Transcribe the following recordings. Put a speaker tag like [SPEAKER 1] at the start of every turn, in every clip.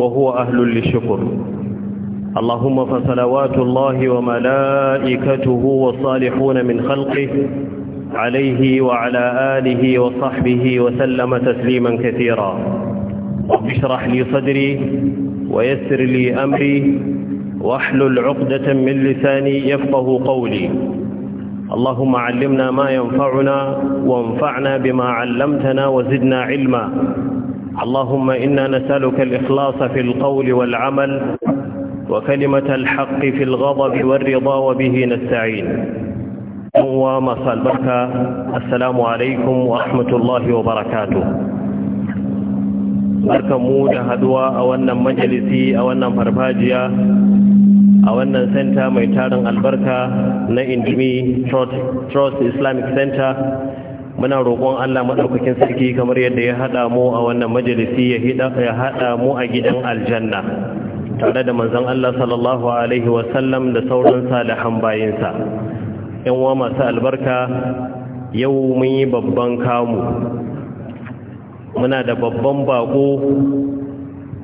[SPEAKER 1] وهو أهل للشكر اللهم فصلوات الله وملائكته والصالحون من خلقه عليه وعلى آله وصحبه وسلم تسليما كثيرا رب اشرح لي صدري ويسر لي أمري واحلل عقدة من لساني يفقه قولي اللهم علمنا ما ينفعنا وانفعنا بما علمتنا وزدنا علما اللهم إنا نسألك الإخلاص في القول والعمل وكلمة الحق في الغضب والرضا وبه نستعين ومساء البركة السلام عليكم ورحمة الله وبركاته بركة مودة هدوى أولا مجلسي أولا فرفاجية a wannan center mai tarin albarka na indimi trust islamic center muna roƙon Allah maɗaukakin sarki kamar yadda ya hada mu a wannan majalisi ya hida mu a gidan aljanna tare da manzon Allah sallallahu alaihi wa sallam da sauran salihan bayinsa yan uwa masu albarka yau mun yi babban kamu muna da babban bako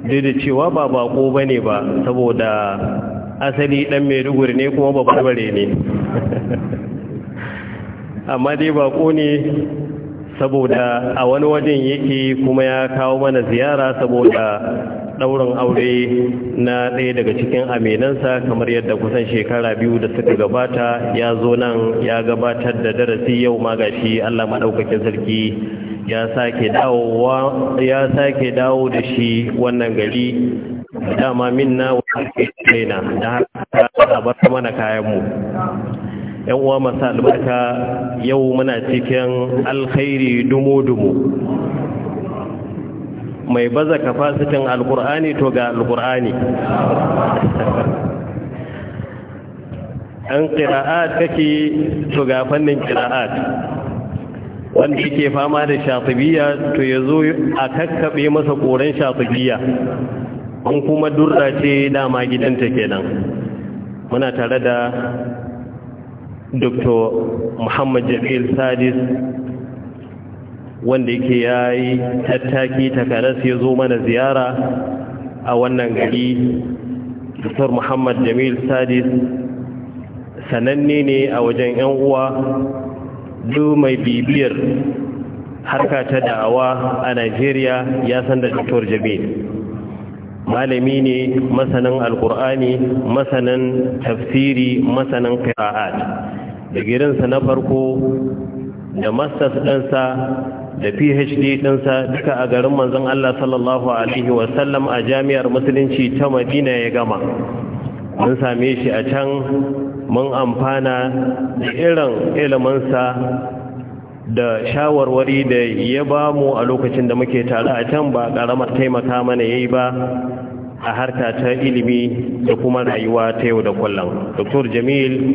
[SPEAKER 1] duk da cewa ba bako bane ba saboda asali dan Maiduguri ne kuma babbar bare ne amma dai bako ne saboda a wani wajen yake kuma ya kawo mana ziyara saboda ɗaurin aure na ɗaya daga cikin aminansa kamar yadda kusan shekara biyu da suka gabata ya zo nan ya gabatar da darasi yau magashi Allah maɗaukakin sarki ya sake dawo da shi wannan gari dama minna tsaye na da haka a mana kayanmu. yan uwa masu albarka yau muna cikin alkhairi dumo-dumo mai baza kafasitin alkur'ani to ga alkur'ani an kira'at kake to ga fannin kira'at wanda yake fama da shafibiya to ya zo a kakkaɓe masa koren shafibiya an kuma durɗace dama gidanta kenan muna tare da dr muhammad jamil sadis wanda yake ya yi tattaki takanas ya zo mana ziyara a wannan gari dr muhammad jamil sadis sananne ne a wajen 'yan uwa duk mai bibiyar harka ta da'awa a Najeriya ya san da Dr. Jamil malami ne masanin alkur'ani masanin tafsiri masanin qira'at da gidansa na farko da masters ɗansa da phd ɗinsa duka a garin manzon Allah sallallahu alaihi wasallam a jami'ar musulunci ta madina ya gama mun same shi a can mun amfana da irin iliminsa da shawarwari da ya ba mu a lokacin da muke tare a can ba ƙaramar taimaka mana ya yi ba a harka ta ilimi da kuma rayuwa ta yau da kullum. Dr. Jamil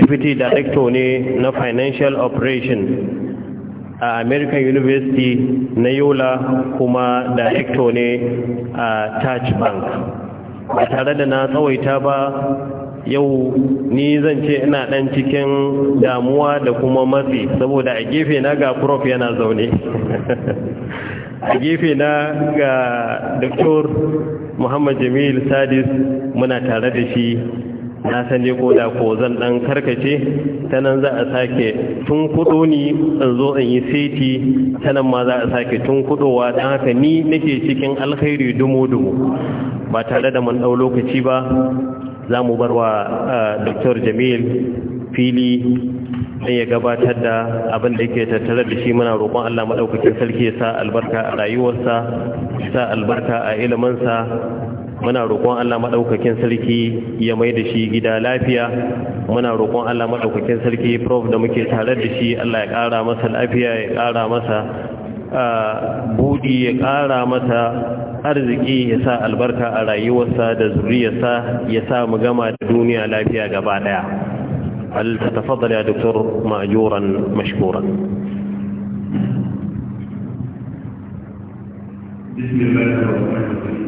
[SPEAKER 1] deputy director ne na financial operation a american university na yola kuma director ne a touch bank ba tare da na tsawaita ba yau ni zan ce ina dan cikin damuwa da kuma matsi saboda a gefe na ga prof yana zaune a gefe na ga dr muhammad jamil sadis muna tare da shi na san dai koda ko zan dan karkace ta nan za a sake tun kudo ni in zo in yi seti ta nan ma za a sake tun kudowa don haka ni nake cikin alkhairi dumo-dumo ba tare da mun dau lokaci ba za mu bar wa eh, dr jamil fili don ya gabatar da abin da yake tattare da shi muna roƙon Allah maɗaukakin sarki ya sa albarka a rayuwarsa sa albarka a iliminsa muna roƙon Allah madaukakin sarki ya mai da shi gida lafiya muna roƙon Allah madaukakin sarki prof da muke tare da shi Allah ya ƙara masa lafiya ya ƙara masa budi ya ƙara masa arziki ya sa albarka a rayuwarsa da zuriyarsa ya sa mu gama da duniya lafiya gaba daya al tafadhal ya doktor ma'juran mashkuran
[SPEAKER 2] بسم الله الرحمن الرحيم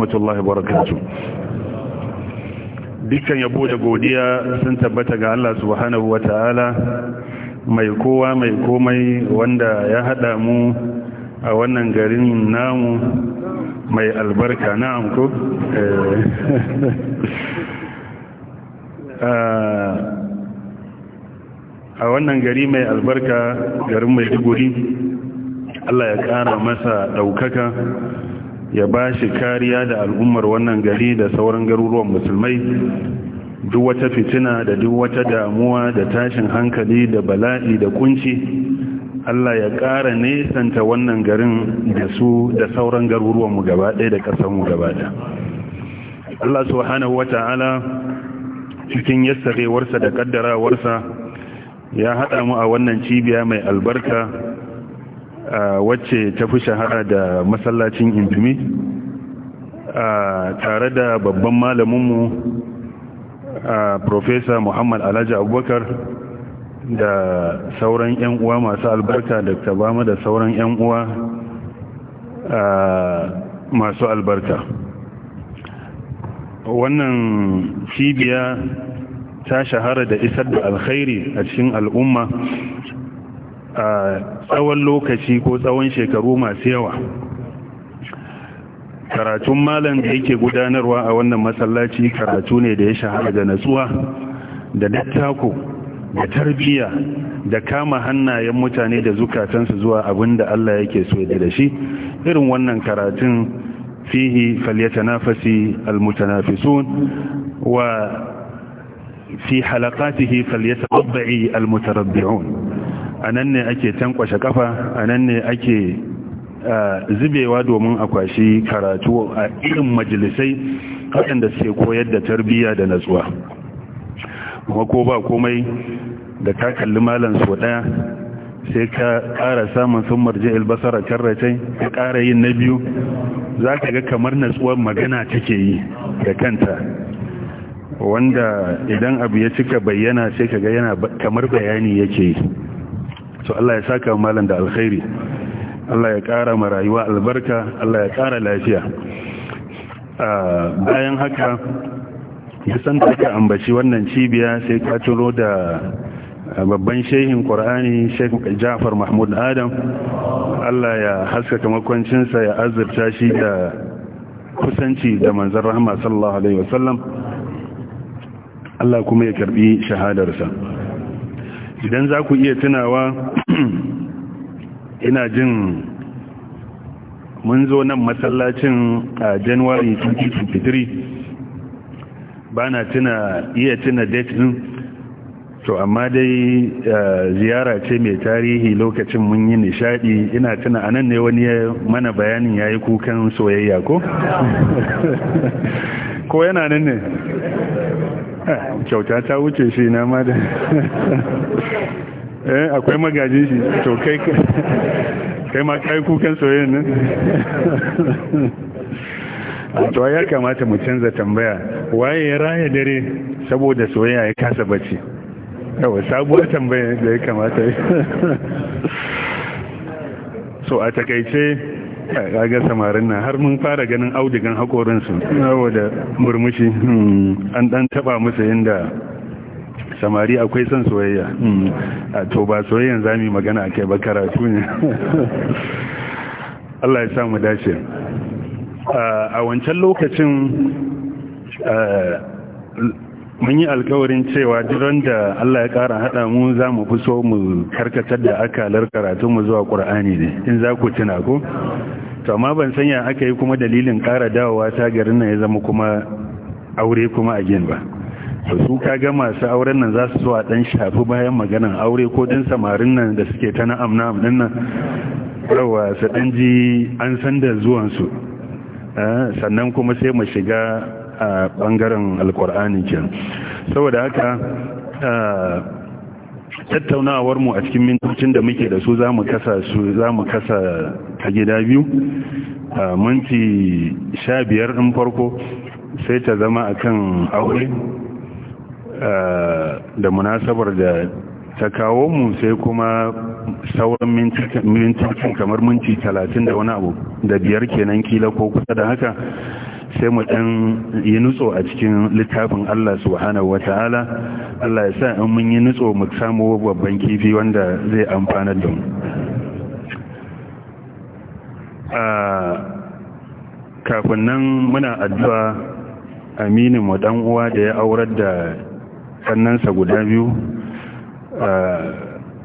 [SPEAKER 2] rahmatullahi barakatu dukkan yabo da godiya sun tabbata ga Allah subhanahu wa ta'ala mai kowa mai komai wanda ya hada mu a wannan garin namu mai albarka na amko eh. a wannan gari mai albarka garin mai duguri Allah ya kara masa daukaka ya ba shi kariya da al'ummar wannan gari da sauran garuruwan musulmai duk wata fitina da duk wata damuwa da tashin hankali da bala'i da kunci Allah ya ƙara nesanta wannan garin da su da sauran garuruwanmu gaba ɗaya da mu gaba ɗaya Allah subhanahu wata'ala cikin yassarewarsa da ƙaddarawarsa ya haɗa mu a wannan cibiya mai albarka wacce ta fi shahara da masallacin A tare da babban malaminmu profesa muhammad alhaji abubakar da sauran 'yan uwa masu albarka da tabama da sauran 'yan uwa masu albarka wannan cibiya ta shahara da isar da alkhairi a cikin al'umma a tsawon lokaci ko tsawon shekaru masu yawa karatun malam da yake gudanarwa a wannan masallaci karatu ne da ya shahara da natsuwa da dattako da tarbiyya da kama hannayen mutane da zukatansu zuwa abin da Allah yake so ya da shi irin wannan karatun fihi falyatanafasi almutanafisun wa fi halaqatihi falyatarabbi almutarabbi'un a nan ne ake tankwashe kafa a nan ne ake zubewa domin a kwashi karatu a irin majalisai waɗanda suke koyar da tarbiyya da natsuwa kuma ko ba komai da ka kalli malam so ɗaya sai ka ƙara samun sun marje albasara karratai ka ƙara yin na biyu za ka ga kamar natsuwar magana take yi da kanta wanda idan abu ya cika bayyana sai ka ga yana kamar bayani yake yi to Allah ya saka malam da alkhairi Allah ya kara ma rayuwa albarka Allah ya kara lafiya bayan haka san da aka ambaci wannan cibiya sai ka turo da babban shehin qur'ani sheikh jafar mahmud adam Allah ya haskaka makwancinsa ya azurta shi da kusanci da manzan rahama sallallahu alaihi wasallam Allah kuma ya karbi shahadarsa idan za ku iya tunawa ina jin mun zo nan masallacin a january 2023 ba na tuna iya tuna date din to amma dai eh, ziyara ce mai tarihi lokacin mun yi nishadi ina tuna a nan ne wani mana bayanin yayi kukan soyayya ko ko yana nan ne ah, kyauta ta wuce shi na ma eh akwai magajin shi to kai kai ma kai kukan soyayya nan to ya kamata mu canza tambaya waye ya raya dare saboda soyayya ya kasa bace yawa sabuwar tambaya da ya kamata so a takaice ga samarin nan har mun fara ganin audigan haƙorinsu saboda murmushi hmm, an ɗan taɓa musu inda samari akwai son soyayya hmm. to ba soyayyan za magana kai ba karatu ne Allah ya sa mu dace a wancan lokacin mun yi alkawarin cewa duran da Allah ya kara haɗa mu za mu fi so mu karkatar da akalar mu zuwa qur'ani ne in za ku tuna ko to amma ban sanya aka yi kuma dalilin kara dawowa ta garin nan ya zama kuma aure kuma a gin ba to su ga masu auren nan za su so a dan shafi bayan maganan aure ko din samarin nan da suke ta na'am na'am din nan rawa su dan ji an san da zuwan su eh, sannan kuma sai mu shiga a bangaren alkur'ani kin saboda haka eh, tattaunawar mu a cikin mintocin da muke da su za mu kasa su za mu kasa ta gida biyu a eh, minti sha biyar ɗin farko sai ta zama akan aure da munasabar da ta kawo mu sai kuma sauran mintocin kamar minti talatin da wani abu da biyar kenan kila ko kusa da haka sai mu ɗan yi nutso a cikin littafin Allah subhanahu ta'ala Allah ya sa in mun yi nutso mu samu babban kifi wanda zai amfana da kafin nan muna addu'a aminin mu dan uwa da ya aurar da kannansa guda biyu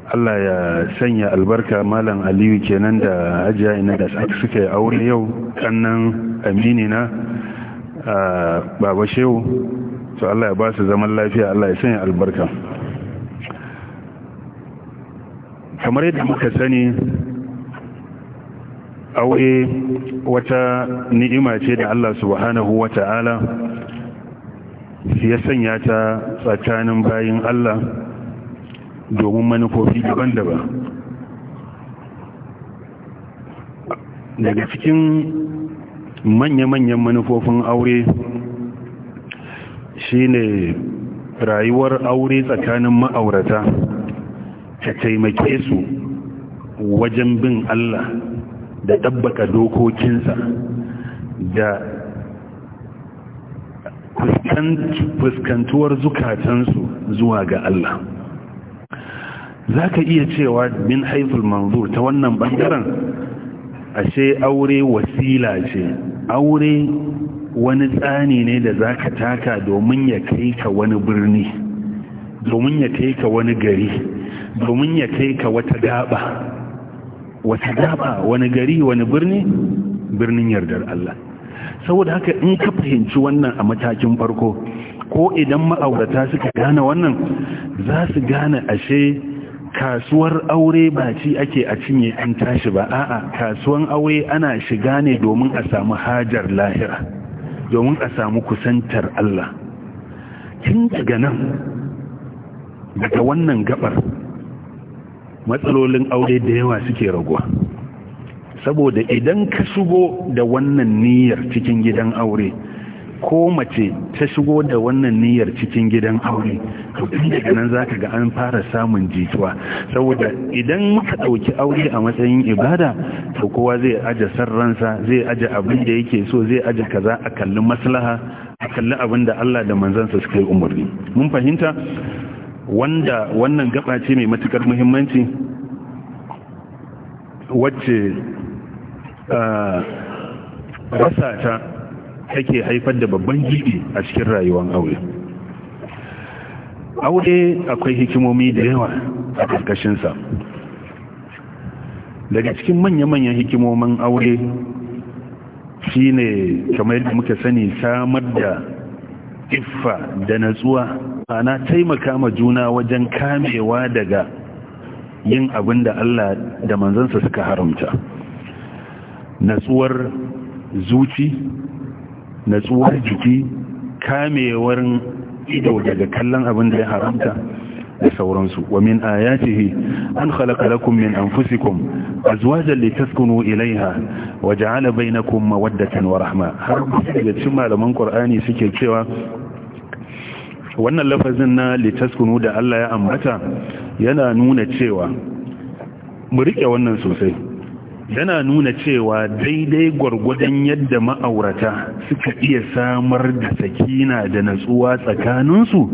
[SPEAKER 2] Allah ya sanya albarka malam aliyu kenan da hajiya ina da suka yi aure yau kannan amini na baba shehu to Allah ya ba su zaman lafiya Allah ya sanya albarka kamar yadda muka sani aure wata ni'ima ce da Allah subhanahu wa ta'ala ya sanya ta tsakanin bayin Allah domin manufofi daban-daban daga cikin manya-manyan manufofin aure shine rayuwar aure tsakanin ma'aurata ta taimake su wajen bin Allah da ɗabbaka dokokinsa da fuskantuwar zukatansu zuwa ga Allah za ka iya cewa min haiful manzur ta wannan bangaren ashe aure wasila ce aure wani tsani ne da za ka taka domin ya kai ka wani birni domin ya kai ka wani gari domin ya kai ka wata gaba wata gaba wani gari wani birni birnin yardar Allah saboda haka in ka fahimci wannan a matakin farko ko idan ma'aurata suka gane wannan za su gane ashe kasuwar aure ba ci ake a cinye an tashi ba a'a kasuwan aure ana shiga ne domin a samu hajar lahira domin a samu kusantar Allah tun daga nan daga wannan gabar matsalolin aure da yawa suke raguwa saboda idan ka shigo da wannan niyyar cikin gidan aure ko mace ta shigo da wannan niyyar cikin gidan aure to daga nan zaka ga an fara samun jituwa saboda idan muka ɗauki aure a matsayin ibada to kowa zai aje sarransa zai aje abin da yake so zai aje kaza a kalli maslaha a kalli abin da Allah da manzansa suka yi umarni mun fahimta wanda wannan gaba ce mai matukar muhimmanci wacce rasa ta take haifar da babban gibi a cikin rayuwar aure aure akwai hikimomi da yawa a ƙarƙashinsa daga cikin manya-manyan hikimomin aure shi ne kamar da muka sani samar da iffa da natsuwa ana taimaka ma juna wajen kamewa daga yin abin da Allah da manzansa suka haramta natsuwar zuci natsuwar jiki kamewar ido daga kallon abin da ya haramta da sauransu wa min ayatihi an khalaqa lakum min anfusikum azwajan litaskunu ilaiha wa ja'ala bainakum mawaddatan wa rahma har daga cikin malaman qur'ani suke cewa wannan lafazin na litaskunu da Allah ya ambata yana nuna cewa mu rike wannan sosai yana nuna cewa daidai gwargwadon yadda ma'aurata suka iya samar da sakina da natsuwa tsakaninsu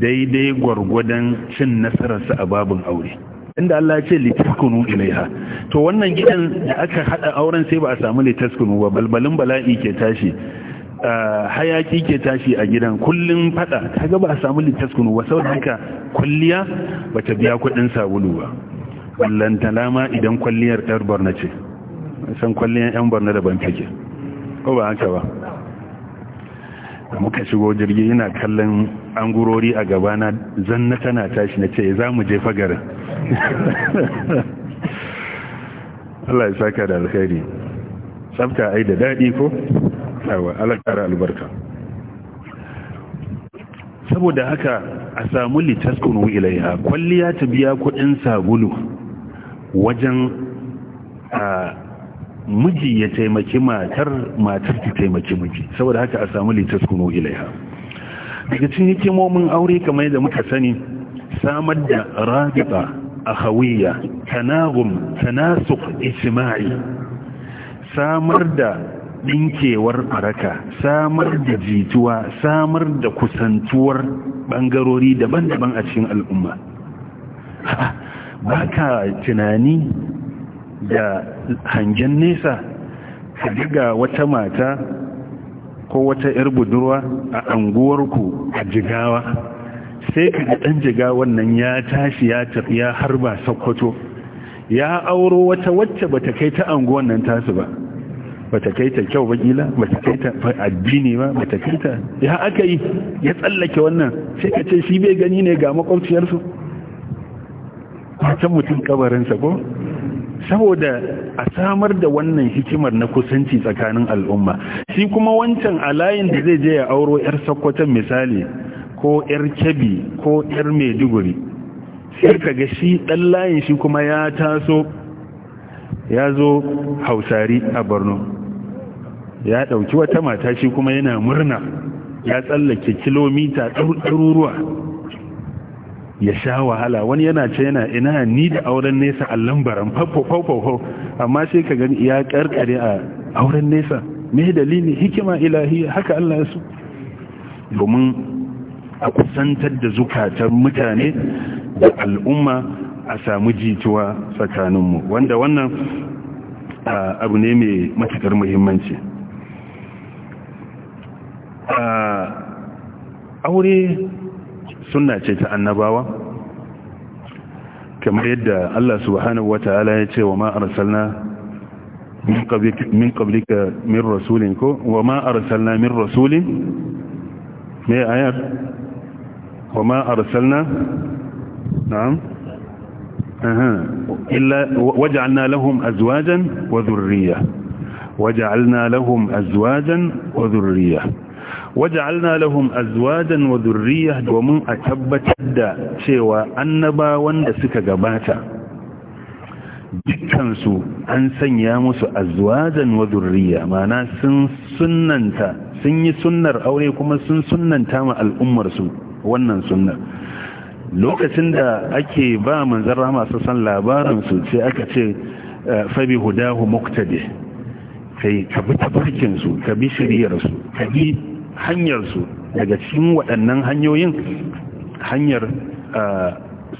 [SPEAKER 2] daidai gwargwadon cin nasararsu a babin aure inda Allah ce litaskunu ilaiha to wannan gidan da aka hada auren sai ba a samu litaskunu ba balbalin bala'i ke tashi hayaki ke tashi a gidan kullun fada kaga ba a samu litaskunu ba saboda haka kulliya bata biya kudin sabulu ba ballantana lama idan kwalliyar ɗar borna ce san kwalliyar yan da daban take ko ba haka ba muka shigo jirgi yana kallon an gurori a gabana zanna tana tashi na ce eh, za mu jefa garin. Allah ya saka da alkhairi tsafta ai da daɗi ko? yawa alakara albarka saboda haka a samu litaskunu ilaiha kwalliya ta biya kuɗin sabulu wajen a miji ya taimaki matar matar ta taimaki miji saboda haka a samu ilai ilaiha daga cikin hikimomin aure kamar yadda muka sani samar da rabiba a hawiya tanagum tanasuk isma'i samar da ɗinkewar araka, samar da jituwa samar da kusantuwar ɓangarori daban-daban a cikin al'umma ba ka tunani da hangen nesa ka diga wata mata ko wata 'yar budurwa a anguwarku a jigawa sai ka ga ɗan jigawan nan ya tashi ya tafi ya harba sokoto ya auro wata wacce bata kai ta anguwan nan tasu ba bata kai ta kyau ba kila bata kai ta addini ba bata kai ta ya aka yi ya tsallake wannan sai ka ce shi bai gani ne ga makwabciyarsu can mutum kabarinsa ko saboda a samar da wannan hikimar na kusanci tsakanin al'umma shi kuma wancan a layin da zai je ya auro 'yar sakwatan misali ko 'yar kebi ko 'yar maiduguri sai ka ga shi ɗan layin shi kuma ya taso ya zo hausari a borno ya ɗauki wata mata shi kuma yana murna ya tsallake kilomita ɗaruruwa ya sha wahala wani yana ce yana ina ni da auren nesa a lambaran fafafafafa sai ka gan a auren nesa me dalili hikima haka Allah a kusantar da zukatan mutane da al'umma a jituwa tsakaninmu wanda wannan abu ne mai matukar muhimmanci aure sunna ce ta annabawa kamar yadda Allah subhanahu Ta'ala ya ce wa ma arsalna min qablika min rasulin ko wa ma arsalna min rasulin me ayar? wa ma arsalna na'am aha illa waj'alna lahum azwajan wa dhurriyyah waj'alna waja'alna lahum azwajan wa dhurriyyah domin a tabbatar da cewa annabawan da suka gabata dukkansu an sanya musu azwajan wa dhurriyya mana sun sunnanta sun yi sunnar aure kuma sun sunnanta ma al'ummar su wannan sunnar lokacin da ake ba manzon rahama su san labarin su sai aka ce eh, fa bi hudahu muqtadi kai ka bi tafarkin su ka bi shiriyar su ka bi Hanyar su daga cikin waɗannan hanyoyin hanyar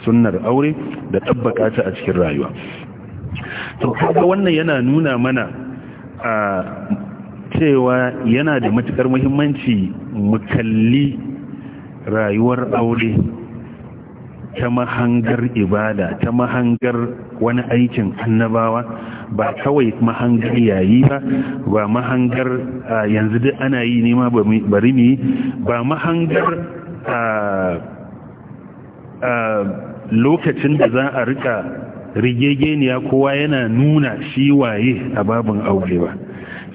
[SPEAKER 2] sunnar aure da tabbaka ta a cikin rayuwa to kaga wannan yana nuna mana cewa yana da matukar muhimmanci mu kalli rayuwar aure ta mahangar ibada ta mahangar wani aikin annabawa ba kawai mahangar yayi ba ba mahangar yanzu duk ana yi nema bari ne ba mahangar lokacin da za a rika rigegeniya kowa yana nuna shi waye a babin aure ba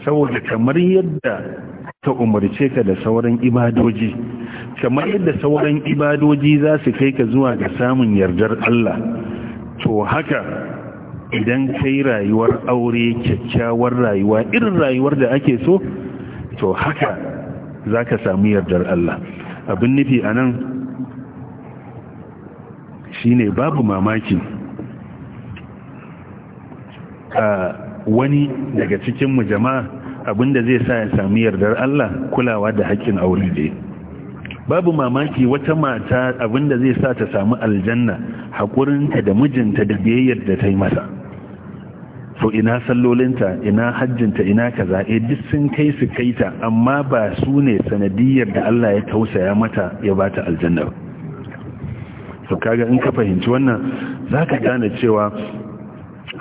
[SPEAKER 2] saboda kamar yadda ta umarce ka da sauran ibadoji kamar yadda sauran ibadoji za su kai ka zuwa ga samun yardar Allah to haka idan kai rayuwar aure kyakkyawar rayuwa irin rayuwar da ake so to haka za ka samu yardar Allah abin nufi a nan shi ne babu mamaki a wani daga cikinmu jama'a abinda zai sa ya sami yardar Allah kulawa da haƙƙin aure da babu mamaki wata mata abinda zai sa ta samu aljanna haƙurinta da mijinta da biyayyar da ta yi masa so ina sallolinta ina hajjinta ina kaza E, duk sun kai su kai ta amma ba su ne sanadiyar da Allah ya tausaya mata ya bata aljanna ba so kaga in ka fahimci wannan zaka gane cewa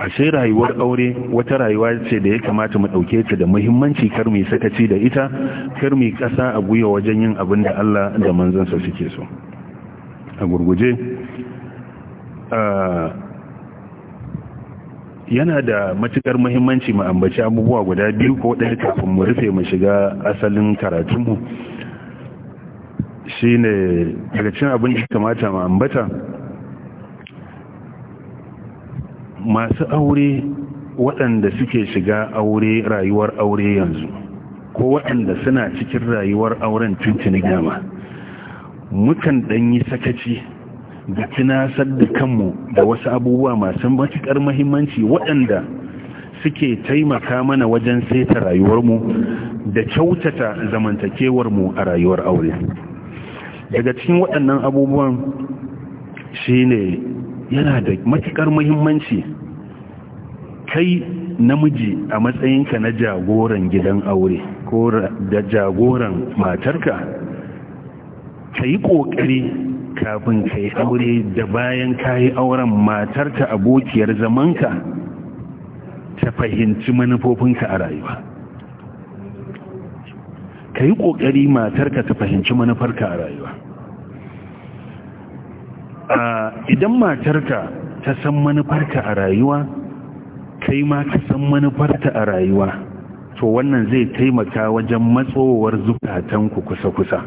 [SPEAKER 2] ashe rayuwar aure wata rayuwa ce da ya kamata mu dauke ta da muhimmanci kar mu sakaci da ita kar mu kasa a guya wajen yin abin da Allah da sa suke so a gurguje yana da matukar muhimmanci mu ambaci abubuwa guda biyu ko ɗaya kafin mu rufe mu shiga asalin karatunmu shine daga cin abin da kamata mu ambata masu aure waɗanda suke shiga aure rayuwar aure yanzu ko waɗanda suna cikin rayuwar auren tuntuni dama mukan ɗanyi sakaci da tunasar da kanmu da wasu abubuwa masu matuƙar mahimmanci waɗanda suke taimaka mana wajen saita rayuwarmu da kyautata zamantakewarmu a rayuwar aure daga cikin waɗannan abubuwan shine yana da matuƙar muhimmanci kai namiji a matsayinka na jagoran gidan aure ko da jagoran matarka ka yi ƙoƙari kafin ka yi aure da bayan ka yi auren matarka abokiyar zamanka ta fahimci manufofinka a rayuwa ka yi ƙoƙari matarka ta fahimci manufarka a rayuwa idan matarka ta san manufarka a rayuwa kai ma ka san manufarta a rayuwa to wannan zai taimaka wajen matsowar zukatanku kusa-kusa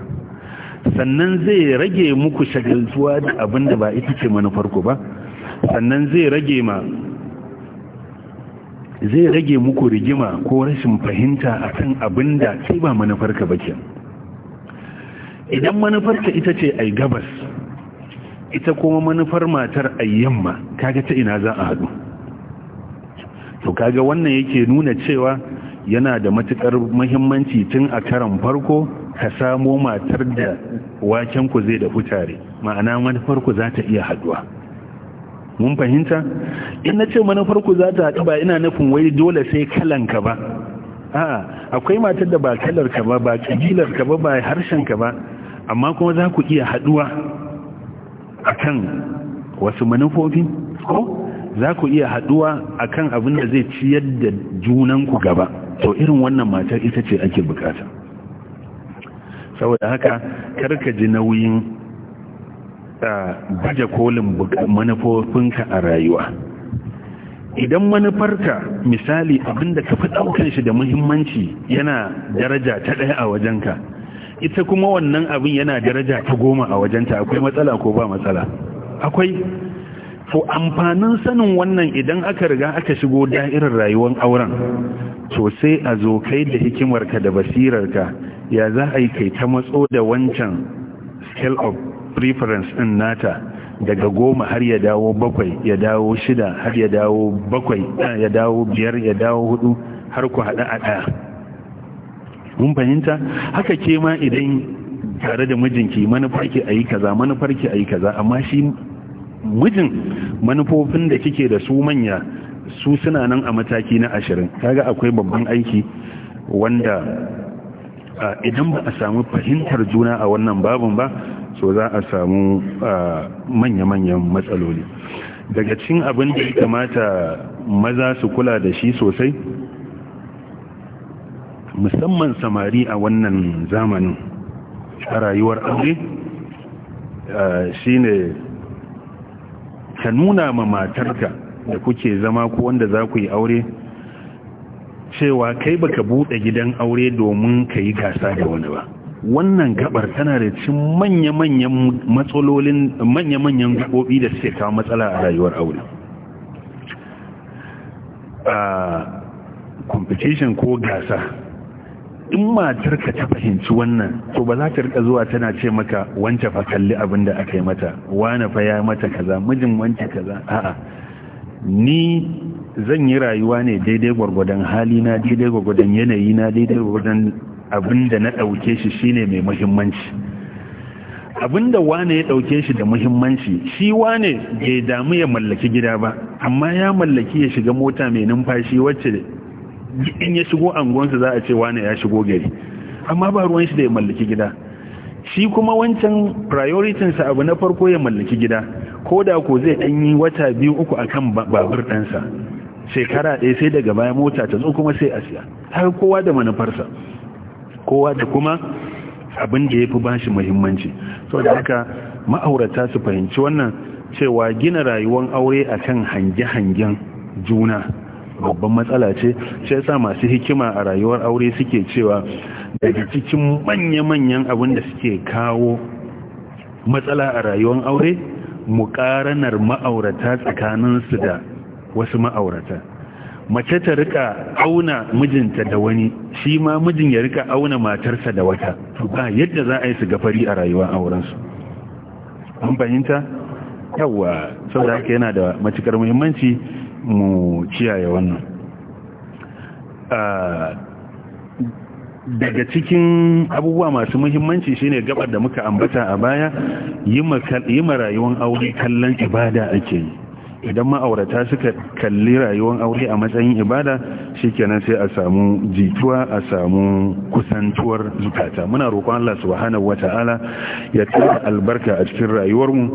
[SPEAKER 2] sannan zai rage muku shagaltuwa da abin da ba ita ce manufarku ba sannan zai rage ma zai rage muku rigima ko rashin fahimta a kan abin da kai ba manufarka ba ke idan manufarka ita ce ai gabas ita kuma manufar matar a yamma kaga ta ina za a haɗu to kaga wannan yake nuna cewa yana da matukar mahimmanci tun a karan farko ka samo matar da waken ku zai da tare ma'ana manufar ku za ta iya haduwa mun fahimta in na ce manufar ku za ta haɗu ba ina nufin wai dole sai kalan ka ba a'a akwai matar da ba kalar ka ba ba kabilar ka ba ba harshen ka ba amma kuma za ku iya haduwa akan wasu manufofi ko za ku iya haduwa akan abin da zai ciyar da junanku gaba to irin wannan matar ita ce ake bukata saboda haka karka ji nauyin baje kolin manufofinka a rayuwa idan manufarka misali abin da ka fi daukan shi da muhimmanci yana daraja ta ɗaya a wajenka ita kuma wannan abin yana daraja ta goma a wajenta akwai matsala ko ba matsala akwai to amfanin sanin wannan idan aka riga aka shigo da'irar rayuwar auren to sai a zo kai da hikimarka da basirarka ya za a yi kai ta matso da wancan scale of preference din nata daga goma har ya dawo bakwai ya dawo shida har ya dawo bakwai ya dawo biyar ya dawo hudu har ku haɗa a ɗaya mun fahimta haka ke ma idan tare da mijinki manufar ki ayi kaza manufar ki ayi kaza amma shi mijin manufofin da kike da su manya su suna nan a mataki na ashirin kaga akwai babban aiki wanda idan ba a samu fahimtar juna a wannan babin ba so za a samu manya-manyan matsaloli daga cin abin da ya kamata maza su kula da shi sosai musamman samari a wannan zamanin a rayuwar aure shi ne, ka nuna ma matarka da kuke zama ko wanda za ku yi aure cewa kai baka buɗe gidan aure domin ka yi gasa da wani ba wannan gabar tana da cin manya-manyan matsalolin manya-manyan gabobi da suke kawo matsala a rayuwar aure a competition ko gasa in matar ka ta fahimci wannan to ba za ta rika zuwa tana ce maka wance fa kalli abin da aka yi mata wane fa ya mata kaza mijin wance kaza a'a ni zan yi rayuwa ne daidai gwargwadon na daidai gwargwadon na daidai gwargwadon abin da na ɗauke shi shine mai muhimmanci abin da wane ya ɗauke shi da muhimmanci shi wane bai damu ya mallaki gida ba amma ya mallaki ya shiga mota mai numfashi wacce in ya shigo anguwansa za a ce wane ya shigo gari amma ba ruwan shi da ya mallaki gida shi kuma wancan prioritinsa abu na farko ya mallaki gida ko da ko zai ɗan yi wata biyu uku akan babur ɗansa shekara ɗaya sai daga baya mota ta zo kuma sai a siya har kowa da manufarsa kowa da kuma abin da ya fi ba shi muhimmanci sau da haka ma'aurata su fahimci wannan cewa gina rayuwar aure akan hange-hangen juna babban matsala ce shi yasa masu hikima a rayuwar aure suke cewa daga cikin manya-manyan abin da suke kawo matsala a rayuwar aure muƙaranar ma'aurata tsakaninsu da wasu ma'aurata mace ta rika auna mijinta da wani shi ma mijin ya rika auna matarsa da wata ba yadda za a yi su gafari a rayuwar aurensu an fahimta yawa sau da haka yana da matukar muhimmanci mu kiyaye wannan ah, daga cikin abubuwa masu muhimmanci shine gabar da muka ambata a baya yi ma rayuwar aure kallon ibada ake yi idan ma'aurata suka kalli rayuwar aure a matsayin ibada shikenan sai a samu jituwa a samu kusantuwar zukata muna roƙon Allah subhanahu wata'ala ya kara albarka a cikin rayuwarmu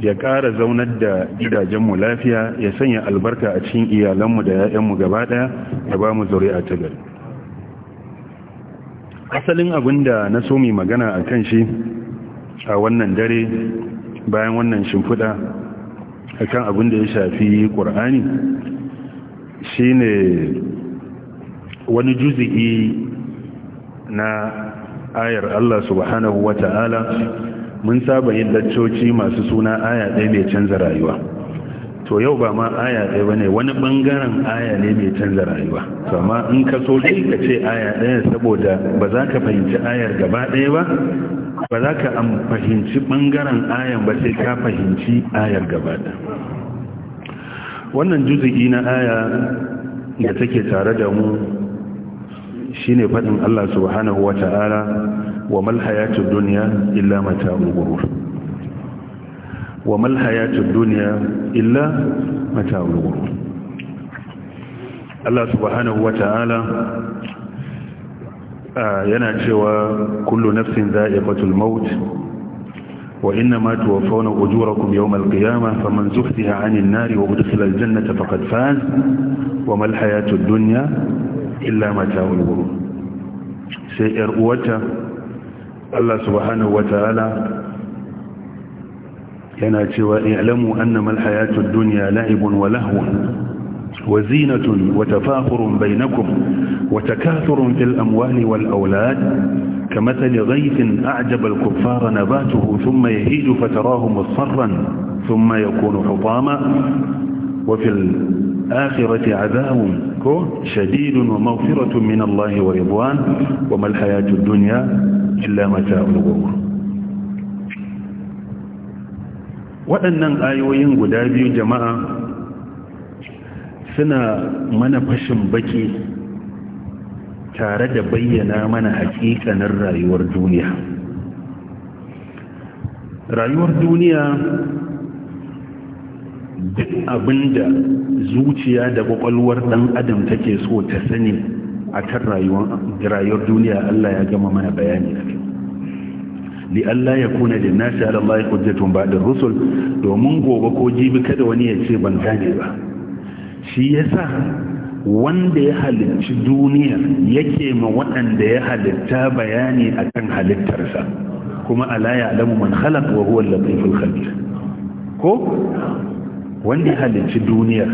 [SPEAKER 2] ya kara zaunar da gidajen mu lafiya ya sanya albarka a cikin iyalanmu da 'ya'yanmu gaba ɗaya ya ba mu zuri'a ta gari asalin abin da na so mu magana a kan shi a wannan dare bayan wannan shimfiɗa akan abin da ya shafi ƙur'ani shine wani juzi'i na ayar Allah subhanahu wa ta'ala mun saba yin laccoci masu suna aya ɗaya mai canza rayuwa to yau ba ma aya ɗaya ba ne wani ɓangaren aya ne mai canza rayuwa To amma in ka so ka ce aya ɗaya saboda ba za ka fahimci ayar gaba ɗaya ba ba za ka fahimci ɓangaren ayan ba sai ka fahimci ayar gabaɗa wannan juzugi na aya da take tare da mu shine faɗin Allah subhanahu wa ta'ala wa malhayatun duniya illa mata gurur wa malhayatun duniya illa mata gurur Allah subhanahu wa ta'ala yana cewa kullu nafsin za'iqatul maut wa inna ma tuwaffawna ujurakum yawmal qiyamah faman zuhziha 'anil nari wa udkhila al-jannata faqad faz wa mal hayatud dunya illa mata'ul ghurur sai yar uwata Allah subhanahu wa ta'ala yana cewa i'lamu annama al-hayatud dunya la'ibun wa lahwun وزينة وتفاخر بينكم وتكاثر في الأموال والأولاد كمثل غيث أعجب الكفار نباته ثم يهيج فتراه مصفرا ثم يكون حطاما وفي الآخرة عذاب شديد ومغفرة من الله ورضوان وما الحياة الدنيا إلا متاع الغرور waɗannan ayoyin guda biyu jama'a suna mana fashin baki tare da bayyana mana hakikanin rayuwar duniya rayuwar duniya duk abinda zuciya da kwakwalwar dan adam take so ta sani a kan rayuwar duniya Allah ya gama mana bayani kai li Allah ya kuna da nasi Allah ya hujjatun ba da rusul domin gobe ko jibi kada wani ya ce ban gane ba shi yasa wanda ya halicci duniya yake ma waɗanda ya halitta bayani akan halittarsa kuma ala alamu man halak wa huwa latiful khabir ko wanda ya halicci duniya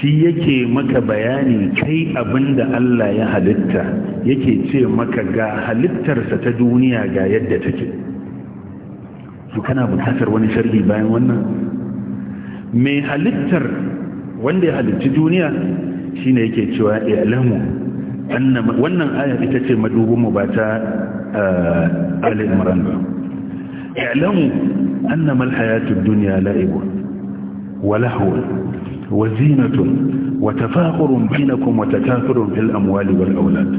[SPEAKER 2] shi yake maka bayani kai abinda Allah ya halitta yake ce maka ga halittarsa ta duniya ga yadda take su kana bukatar wani sharhi bayan wannan mai halittar wanda ya halicci duniya shine yake cewa ilamu eh, wannan aya ita ce madubin mu ba ta eh, Ali Imran ba ilamu eh, annama alhayatud dunya la'ibun wa lahwun wa zinatun wa tafakhurun bainakum wa takathurun fil amwali wal aulad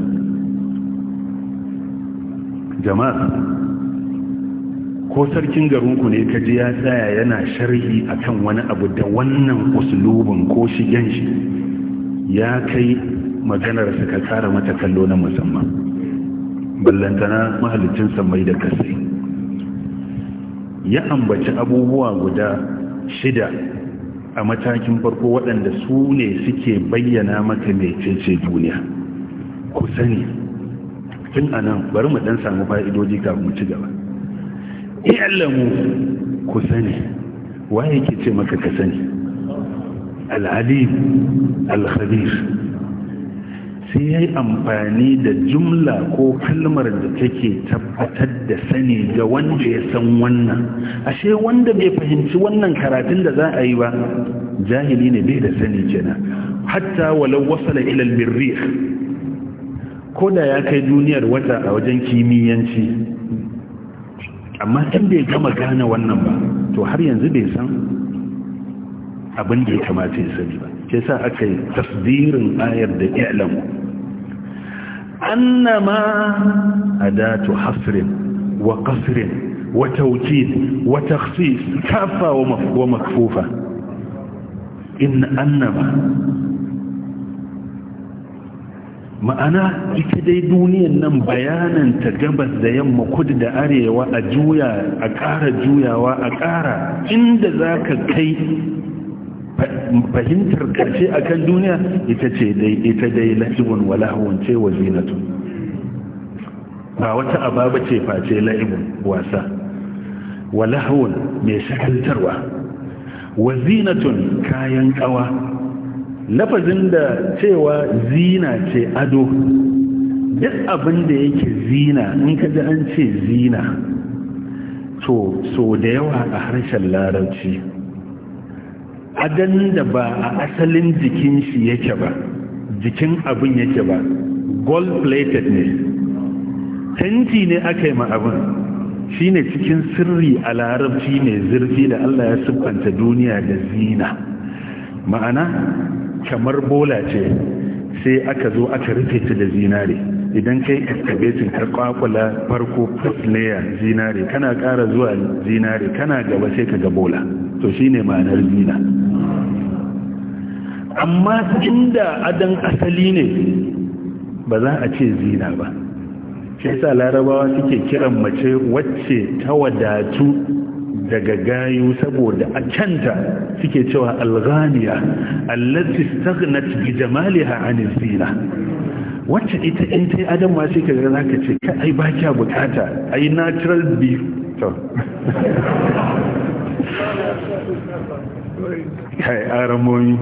[SPEAKER 2] jama'a ko sarkin garinku ne ka ji ya tsaya yana sharhi kan wani abu da wannan uslubin ko shigen shi ya kai maganarsa ka tsara mata kallo na musamman ballantana sa mai da kasai ya ambaci abubuwa guda shida a matakin farko waɗanda su ne suke bayyana maka mai cece duniya ku sani tun anan, nan bari mu ɗan samu fa'idoji kafin mu ci gaba i'lamu ku sani waye yake ce maka ka sani al-alim al-khabir sai yayi amfani da jumla ko kalmar da take tabbatar da sani ga wanda ya san wannan ashe wanda bai fahimci wannan karatun da za a yi ba jahili ne bai da sani kenan hatta walau wasala ilal birri ko da ya kai duniyar wata a wajen kimiyyanci amma in bai gama gane wannan ba to har yanzu bai san abin da ya kamata ya sani ba ke sa aka yi tasdirin ayar da ilamu annama adatu hasrin wa qasrin wa tawkid wa takhsis kafa wa makufa. in annama ma'ana ita dai duniyan nan bayanan ta gabas da yamma kudu da arewa a juya a ƙara juyawa a ƙara inda za ka kai fahimtar ƙarshe a kan duniya ita ce dai ita dai la'ibun walahun ce wa zinatu ba wata ababa ce face la'ibun wasa walahun mai shakaltarwa wa zinatun kayan ƙawa lafazin da cewa zina ce ado duk abin da yake zina in ka ji an ce zina to so da yawa a harshen larabci adan da ba a asalin jikin shi yake ba jikin abin yake ba gold plated ne tanti ne aka yi ma abin shi ne cikin sirri a larabci mai zurfi da Allah ya siffanta duniya da zina ma'ana kamar bola ce sai aka zo aka rufe ta da zinare idan kai excavating har kwakwala farko first layer zinare kana kara zuwa zinare kana gaba sai ka ga bola to shine ma'anar zina amma inda adan asali ne ba za a ce zina ba shi yasa larabawa suke kiran mace wacce ta wadatu daga gayu saboda a canta suke cewa alghaniya allati istaghnat bi jamaliha Ani zina wacce ita in tai adam ma sai kaga zaka ce ka ba kya bukata ai natural be to kai aramoyi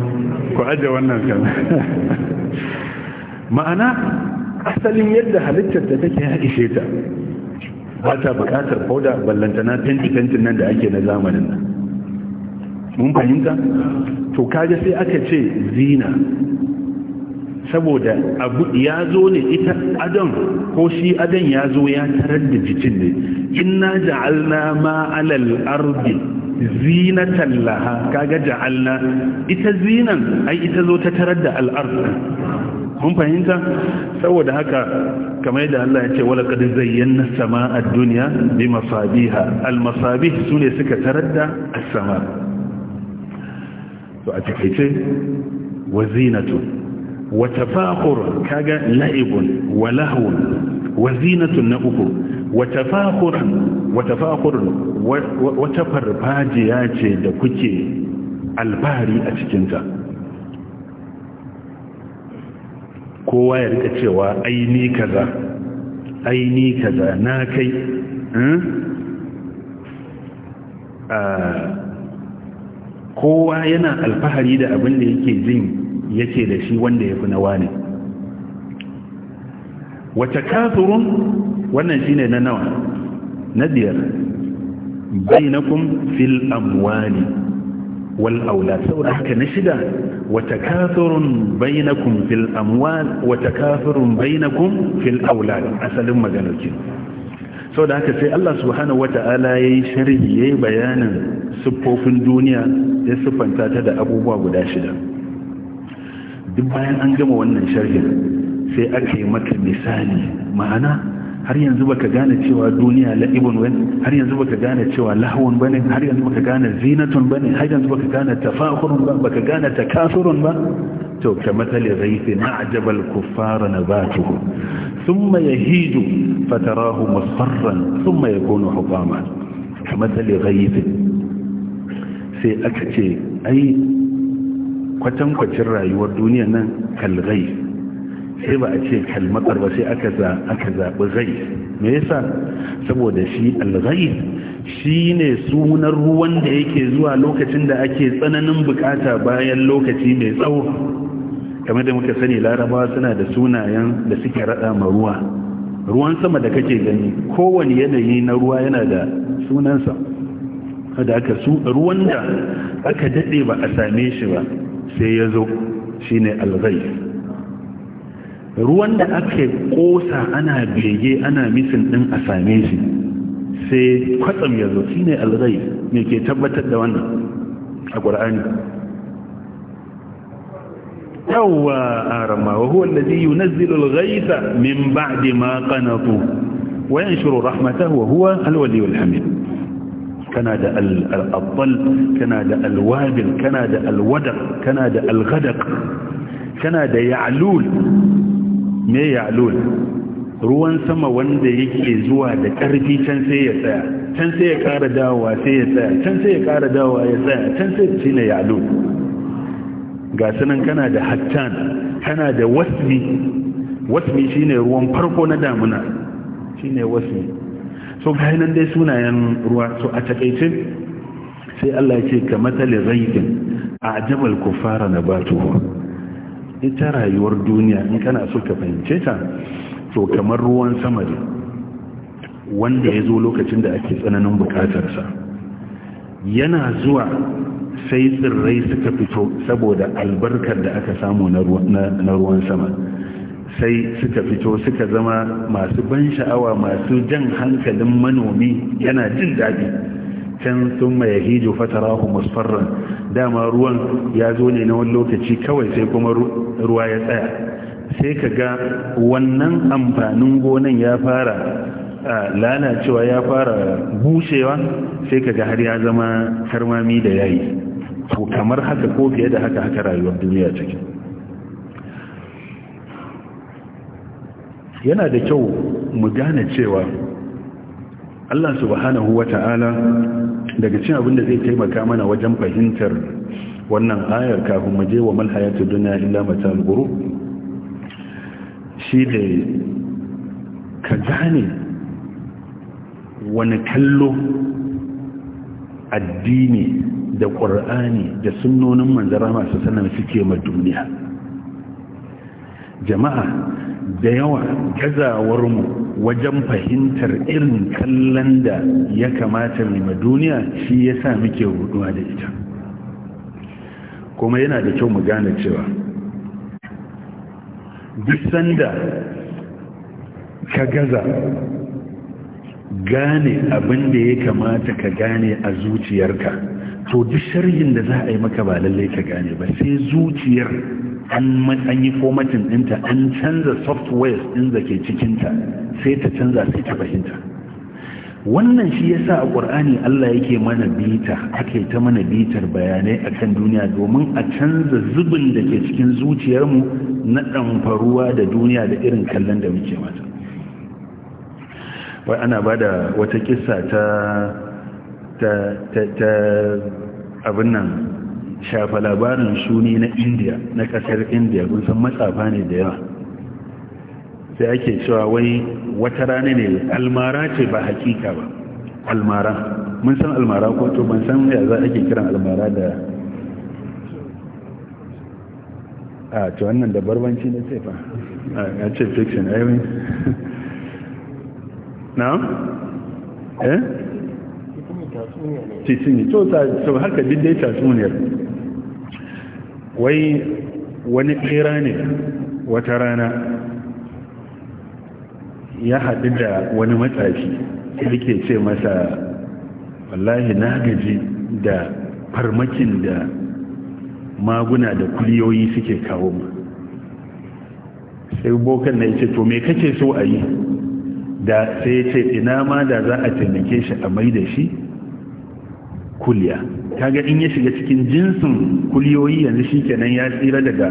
[SPEAKER 2] ku aje wannan kan ma'ana asalin yadda halittar ta take ya ishe ta ba ta bukatar fauda ballantana fenti-fentin nan da ake na zamanin mun fahimta to kaga sai aka ce zina saboda abu ya zo ne ita adam ko shi adam ya zo ya tarar da jikin ne inna ja'alna ma alal ardi zinatan laha kaga ja'alna ita zinan ai ita zo ta tarar da al'ardi mun fahimta saboda haka kamar yadda Allah ya ce wala qad zayyana samaa ad-dunya bi masabiha al-masabih sune suka taradda as-sama to a takeice wazinatu wa tafakhur kaga la'ibun wa lahwun wazinatun na uku wa tafakhur wa tafakhur wata farfajiya ce da kuke albari a cikinta kowa ya rika cewa aini kaza aini kaza na kai hmm? ah, kowa yana alfahari da abin da yake jin yake da shi wanda ya fi na wane wata kafirun wannan shine na nawa na biyar bainakum fil amwali wal aula saboda haka na shida wata takathurun bainakun fil amwal fil asalin maganarki. saboda haka sai Allah subhanahu wata'ala yayi sharhi yayi bayanin siffofin duniya ya siffanta ta da abubuwa guda shida duk bayan an gama wannan sharhin sai aka yi mata misali ma'ana har yanzu baka gane cewa duniya la'ibun wani har yanzu baka gane cewa lahawun bane har yanzu baka gane zinatun bane har yanzu baka gane tafakurun ba baka gane takasurun ba to ka matsali zaifi na ajabal kuffara na batu batuhu thumma yahiju fatarahu musfarran thumma yakunu hukama ka matsali zaifi sai aka ce ai kwatankwacin rayuwar duniya nan kalgai sai ba a ce kalmatar ba sai aka za aka zaɓi zai me yasa saboda shi alghayb shine sunan ruwan da yake zuwa lokacin da ake tsananin bukata bayan lokaci mai tsawo kamar da muka sani larabawa suna da sunayen da suke rada ma ruwa ruwan sama da kake gani kowane yanayi na ruwa yana da sunansa da aka su ruwan da aka dade ba a same shi ba sai ya zo shine alghayb ruwan da ake kosa ana bege ana misin din a same shi sai kwatsam ya zo shi ne alrai ne ke tabbatar da wannan a ƙwar'ani yawwa a rama wa huwa allazi yunazzilu al-ghaytha min ba'di ma qanatu wa yanshuru rahmatahu wa huwa al-waliyul hamid kana da al-abdal kana da al-wabil kana da al-wadaq kana da al-ghadaq kana da ya'lul me ya alul ruwan sama wanda yake zuwa da ƙarfi can sai ya tsaya can sai ya ƙara dawowa sai ya tsaya can sai ya ƙara dawowa ya tsaya can sai shi ne ya alul ga sanan kana da hattan kana da wasmi wasmi shine ruwan farko na damuna shine wasmi so ga nan dai sunayen ruwa so a takaice sai Allah ya ce ka matsali zaitun a ajabal kufara na batuwa ita rayuwar duniya in kana so ka fahimce ta to kamar ruwan sama wanda ya zo lokacin da ake tsananin bukatarsa yana zuwa sai tsirrai suka fito saboda albarkar da aka samu na ruwan sama sai suka fito suka zama masu ban sha'awa masu jan hankalin manomi yana jin daɗi can sun mai hijo fatara musfarran dama ruwan ya zo ne na wani lokaci kawai sai kuma ruwa ya tsaya sai ka ga wannan amfanin gonan ya fara lalacewa ya fara bushewa sai ka ga har ya zama karmami da yayi ko kamar haka ko fiye da haka haka rayuwar duniya cikin. yana da kyau mu gane cewa Allah subhanahu wa ta'ala daga cin abin da zai taimaka mana wajen fahimtar wannan ayar kafin mu je wa mal hayatu dunya illa matal ghurur shi da ka gane wani kallo addini da ƙur'ani da sunnonin manzara masu sanar suke ma duniya jama'a da yawa gazawarmu wajen fahimtar irin kallon da ya kamata mai duniya shi ya sa muke huɗuwa da ita kuma yana da kyau mu gane cewa duk sanda ka gaza gane abin da ya kamata ka gane a zuciyarka to duk sharhin da za a yi maka ba lallai ka gane ba sai zuciyar an yi komatin dinta an canza software ɗin da ke cikinta sai ta canza sai ta fahimta wannan shi yasa a ƙur'ani Allah yake mana bita ake ta mana bitar bayanai akan duniya domin a canza zubin da ke cikin zuciyarmu na ɗamfaruwa da duniya da irin kallon da muke mata wai ana ba da wata kisa ta ta abin nan shafa labarin su ne na indiya na kasar indiya kun san matsafa ne da yawa sai ake cewa wai wata rana ne almara ce ba hakika ba almara mun san almara ko to ban san ya za ake kiran almara da a to wannan da barbanci na ce fa a ce fiction ai wai na eh
[SPEAKER 3] ne, to ta haka duk dai tatsuniyar
[SPEAKER 2] wai wani tsira ne wata rana ya haɗu da wani da ke ce masa wallahi na gaji da farmakin da maguna da kuliyoyi suke kawo ma. sai bokan na ce to me kake so a yi da sai ya ce ina ma da za a taimake shi a mai da shi kuliya kaga in ya shiga cikin jinsin kuliyoyi yanzu shi nan ya tsira daga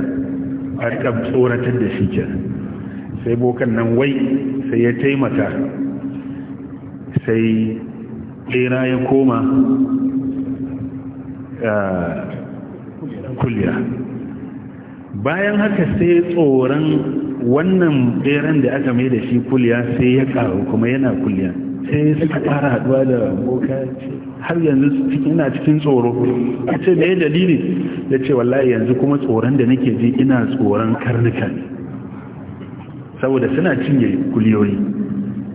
[SPEAKER 2] harkar tsoratar da shi ke sai bokan nan wai sai ya taimaka sai tsira ya koma kuliya bayan haka sai tsoron wannan tseren da aka mai da shi kuliya sai ya karu kuma yana kuliya sai suka fara haɗuwa da boka ce har yanzu ina cikin tsoro a ce me dalili ya ce wallahi yanzu kuma tsoron da nake ji ina tsoron karnuka saboda suna cinye kuliyoyi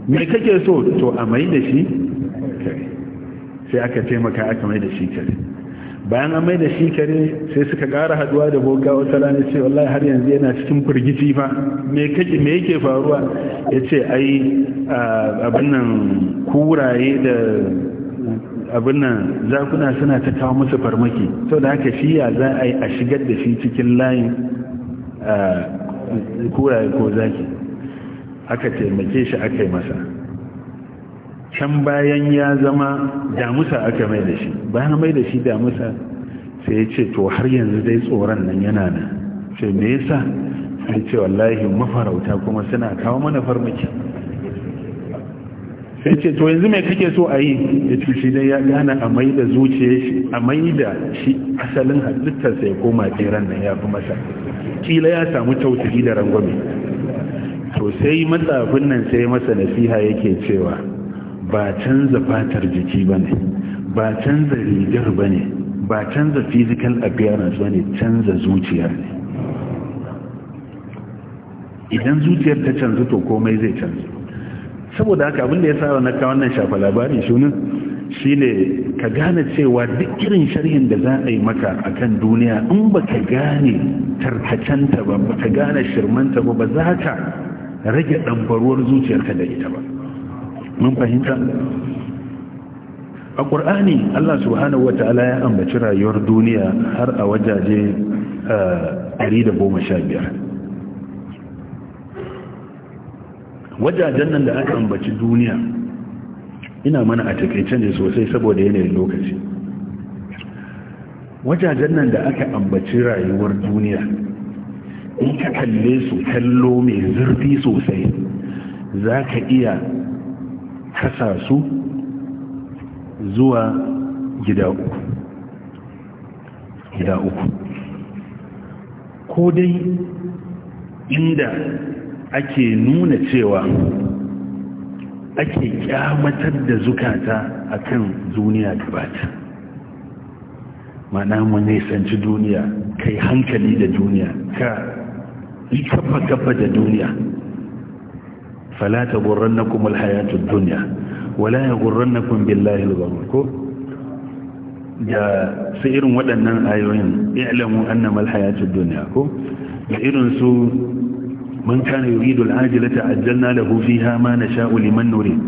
[SPEAKER 2] me kake so to a mai da shi kare sai aka taimaka aka mai da shi kare bayan a mai da shi kare sai suka ƙara haduwa da boga wata rana ce wallahi har yanzu yana cikin firgici fa me kake mai yake faruwa yace ai abin nan kuraye da abin nan zakuna suna ta kawo musu farmaki sau da haka shi ya za a yi a shigar da shi cikin layin kuraye ko zaki aka taimake shi aka yi masa can bayan ya zama damusa aka mai da shi bayan mai da shi damusa sai ya ce to har yanzu dai tsoron nan yana na ce me yasa sai ce wallahi mafarauta kuma suna kawo mana farmaki sai to yanzu mai kake so a yi ya ce shi dai ya gane a mai da zuciya shi a mai da shi asalin halittar ya koma tseren nan ya fi masa kila ya samu tautuki da rangwame to sai matsafin nan sai masa nasiha yake cewa ba canza fatar jiki ba ne ba canza rigar ba ne ba canza physical appearance ba ne canza zuciya ne idan zuciyar ta canza to komai zai canza saboda haka abin da ya sa na kawo wannan shafa labari sunan shine ka gane cewa duk irin sharhin da za a yi maka akan duniya in ba ka gane tarkacenta ba ba ka gane shirmanta ba ba za ka rage ɗanbaruwar zuciyarka da ita ba mun fahimta a ƙur'ani allah subhanahu wa ta'ala ya ambaci rayuwar duniya har a wajaje 115 eh, wajajen nan da aka ambaci duniya ina mana a takaice ne sosai saboda yanayin lokaci wajajen nan da aka ambaci rayuwar duniya in ka kalle su kallo mai zurfi sosai za ka iya kasa su zuwa gida uku gida uku ko dai inda ake nuna cewa ake kyamatar da zukata a kan duniya gabata mana mu nisanci duniya kai hankali da duniya ka yi kafa-kafa da duniya falata gurran na kuma alhayatun duniya wala ya gurran na kun billahi ko da su irin waɗannan ayoyin alamu annama alhayatun duniya ko da irin su من كان يريد العاجلة عجلنا له فيها ما نشاء لمن نريد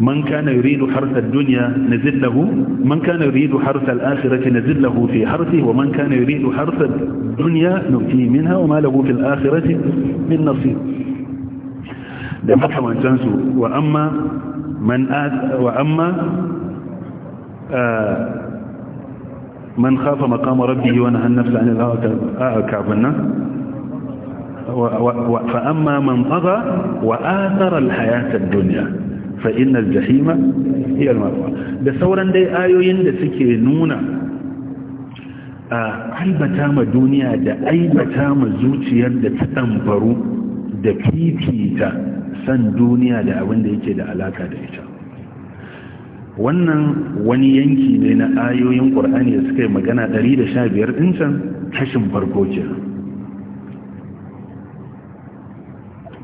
[SPEAKER 2] من كان يريد حرث الدنيا نزل له من كان يريد حرث الآخرة نزل له في حرثه ومن كان يريد حرث الدنيا نؤتيه منها وما له في الآخرة من نصيب da makamantansu wa وأما man wa amma man khafa maqama rabbihi wa nahana nafsa 'anil فأما من طغى وآثر الحياة الدنيا فإن الجحيم هي المأوى da sauran dai ayoyin da suke nuna a aibata ma duniya da aibata ma zuciyar da ta ɗamfaru da fifita san duniya da abin da yake da alaka da ita wannan wani yanki ne na ayoyin ƙur'ani da suka yi magana ɗari da biyar ɗin can tashin farko kenan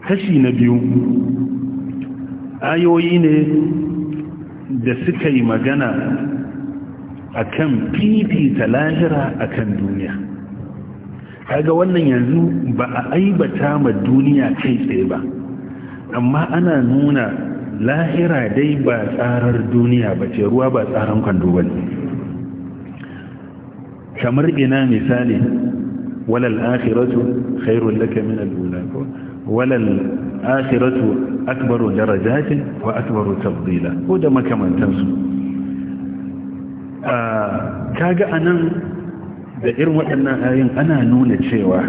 [SPEAKER 2] kashi na biyu ayoyi ne da suka yi magana a kan fifita lahira a kan duniya kaga wannan yanzu ba a aibata ma duniya kai tsaye ba amma ana nuna lahira dai ba tsarar duniya ba ce ruwa ba tsarar kwando ba kamar ina misali walal akhiratu khairul laka min al-ula walal akhiratu akbaru darajatin wa akbaru tafdila ko da makamantansu ah, kaga anan da irin waɗannan ayin ana nuna cewa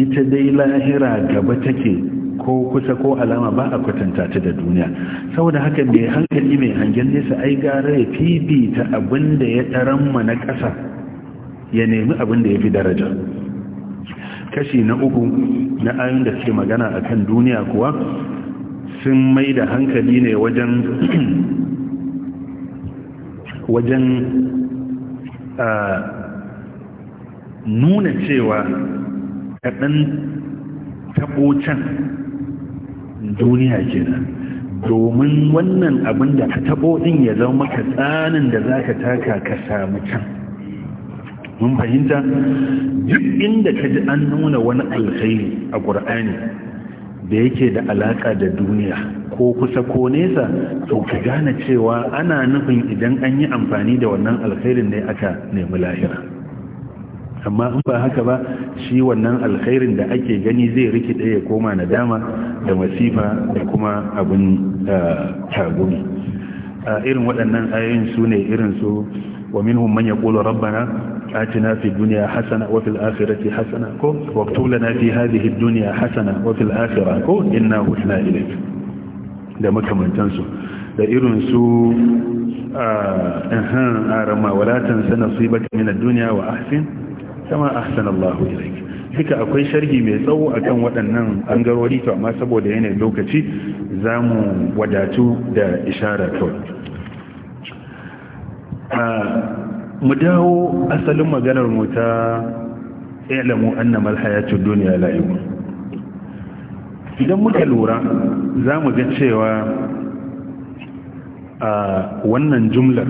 [SPEAKER 2] ita dai lahira gaba take ko kusa ko alama ba a kwatanta ta da duniya saboda haka mai hankali mai hangen nesa ai gara ya fifita abin da ya ɗaran na ƙasa ya nemi abin da ya fi daraja kashi na uku na ayin da suke magana a kan duniya kuwa sun mai da hankali ne wajen wajen nuna cewa kaɗan taɓo can duniya kenan domin wannan abin da ka taɓo ɗin ya zama ka tsanin da za ka taka ka samu can mun fahimta duk inda ka ji an nuna wani alkhairi a ƙur'ani da yake da alaƙa da duniya ko kusa ko nesa to ka gane cewa ana nufin idan an yi amfani da wannan alkhairin ne aka nemi lahira amma in ba haka ba shi wannan alkhairin da ake gani zai rikide ya koma nadama da masifa da kuma abin eh, tagumi eh, irin waɗannan ayoyin su ne irin su minhum man yaqulu rabbana آتنا في الدنيا حسنة وفي الآخرة حسنة واكتب لنا في هذه الدنيا حسنة وفي الآخرة إنا وحنا إليك da makamantansu da irin su a rama walatan sana su yi baka minar duniya wa ahsin kama ahsan Allah ilaik duka akwai sharhi mai tsawo akan waɗannan ɓangarori to amma saboda yanayin lokaci za mu wadatu da ishara kawai mu dawo asalin maganar mu ta ilamu annamal hayatud dunya la'ib idan muka lura za mu ga cewa a wannan jumlar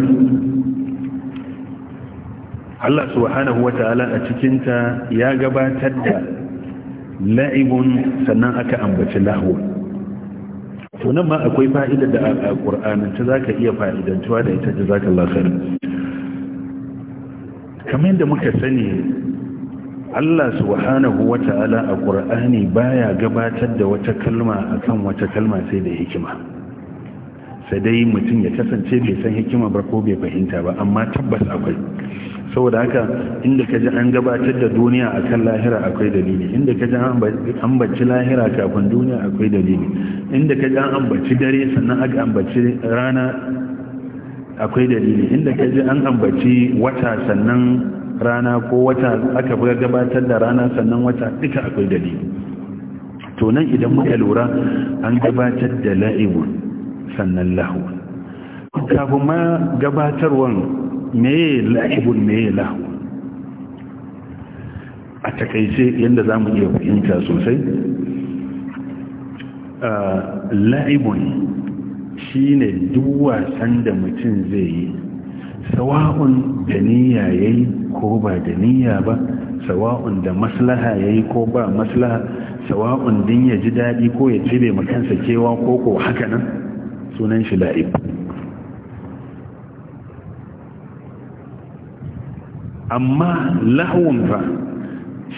[SPEAKER 2] Allah subhanahu wa ta'ala a cikinta ya gabatar da la'ibun sannan aka ambaci lahu tunan ma akwai fa'idar da a ƙur'anin ta za ka iya fa'idantuwa da ita ji za ka kamar yadda muka sani Allah subhanahu wa ta'ala a Kur'ani baya gabatar da wata kalma akan wata kalma sai da hikima sai dai mutum ya kasance bai san hikima ba ko bai fahimta ba amma tabbas akwai saboda haka inda ka ji an gabatar da duniya akan lahira akwai dalili inda ka ji an ambaci lahira kafin duniya akwai dalili inda ka ji an ambaci dare sannan aka ambaci rana akwai dalili inda ka ji an ambaci wata sannan rana ko wata aka buga gabatar da rana sannan wata duka akwai dalili to nan idan muka lura an gabatar da la'ibu sannan lahu kafin ma gabatarwan meye la'ibun meye lahu a takaice yadda za mu iya fahimta sosai la'ibun shine duk wasan da mutum zai yi sawa'un da niyya yayi ko ba da niyya ba sawa'un da maslaha yayi ko ba maslaha sawa'un din ya ji daɗi ko ya cibe kansa kewa ko ko haka nan sunan shi la'ib amma lahawun fa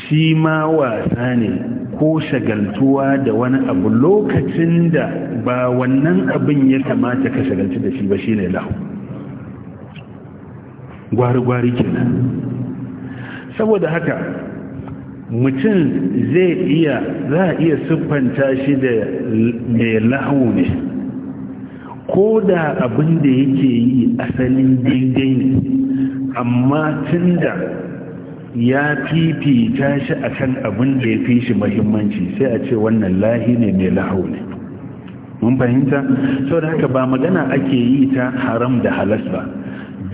[SPEAKER 2] shi ma wasa ne ko shagaltuwa da wani abu lokacin da ba wannan abin ya kamata ka shagalci da shi ba shi ne lahu gwari-gwari kenan saboda haka mutum zai iya za a iya siffanta shi da mai lahu ne ko da abin da yake yi asalin daidai ne amma tun da ya fifita shi a kan abin da ya fi shi mahimmanci sai a ce wannan lahi ne mai lahau ne mun fahimta sau da haka ba magana ake yi ta haram da halas ba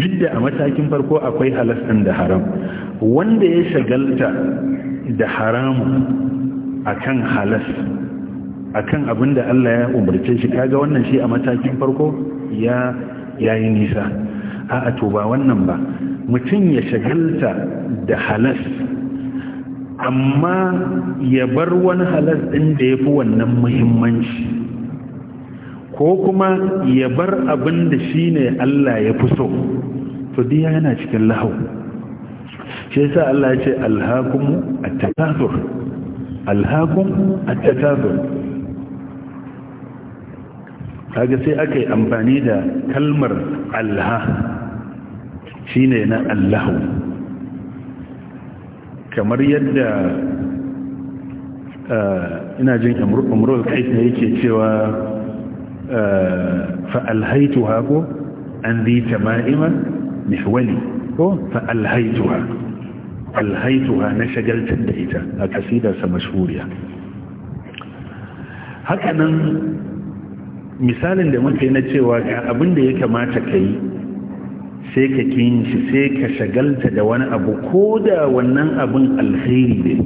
[SPEAKER 2] duk da a matakin farko akwai halas ɗin da haram wanda ya shagalta da haramu a kan halas a kan abin da Allah ya umarce shi kaga wannan shi a matakin farko ya yi nisa a to ba wannan ba mutum ya shagalta da halas amma ya bar wani halas ɗin da ya fi wannan muhimmanci ko kuma ya bar abin da shi ne Allah ya fi so to diya yana cikin lahau shi yasa Allah ya ce alhakum at-takathur alhakum at-takathur kaga sai aka yi amfani da kalmar alha shine na allahu kamar yadda eh, ina jin umrul kais yake cewa eh, fa alhaituha ko an zi tama'ima ko fa alhaituha alhaituha na shagaltar da ita a kasidarsa mashuriya hakanan misalin da muka yi na cewa abin abinda ya kamata ka yi sai ka kin shi sai ka shagalta da wani abu ko da wannan abin alkhairi ne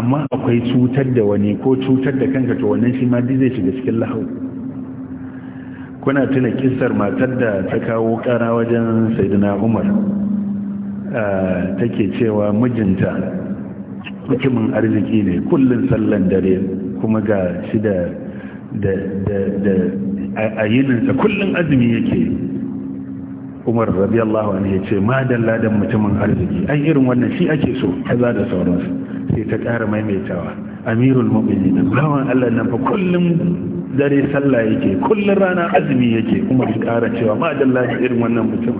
[SPEAKER 2] amma akwai cutar da wani ko cutar da kanka to wannan shi ma zai shiga cikin lahau kuna tuna kissar matar da ta kawo kara wajen sayyidina umar ah, take cewa mijinta mutumin arziki ne kullum sallan dare kuma ga shi da a yininsa kullum azumi yake umar radiyallahu anhu ya ce ma dalla da mutumin arziki ai irin wannan shi ake so kaza da sauransu sai ta ƙara maimaitawa amirul mu'minin bawan Allah nan fa kullum dare sallah yake kullum rana azumi yake umar ya ƙara cewa ma dalla da irin wannan mutum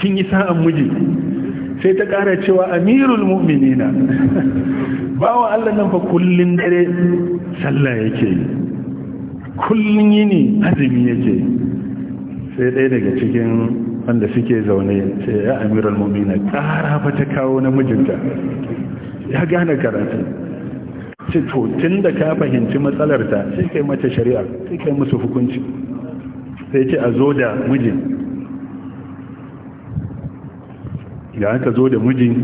[SPEAKER 2] kin yi sa'an miji sai ta ƙara cewa amirul mu'minina bawan Allah nan fa kullum dare sallah yake kullum yini azumi yake sai ɗaya daga cikin wanda suke zaune sai ya al-mumina ƙara ba ta kawo namijinta ya gane karatu ce to tun da ka fahimci matsalarta sai kai mata shari'a sai kai musu hukunci sai ce a zo da mijin ga aka zo da mijin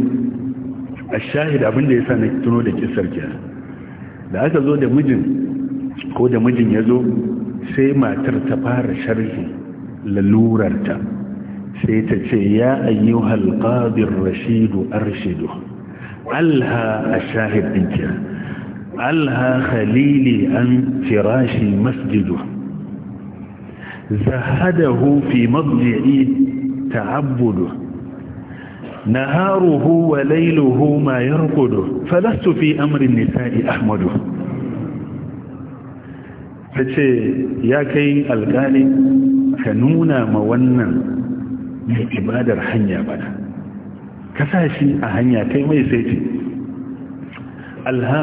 [SPEAKER 2] a shahid abinda ya sa na tuno da kisar kiya da aka zo da mijin ko da mijin ya zo sai matar ta fara sharhi lalurarta sai ta ce ya ayyuhal qadir rashidu arshidu alha ashahid dinka alha khalili an firashi masjidu zahadahu fi madji'i ta'abbudu نهاره وليله ما يرقده فلست في أمر النساء أحمده فشي يا كي القالي ka nuna ma wannan mai ibadar hanya bana ka sa shi a hanya kai mai sai ce alha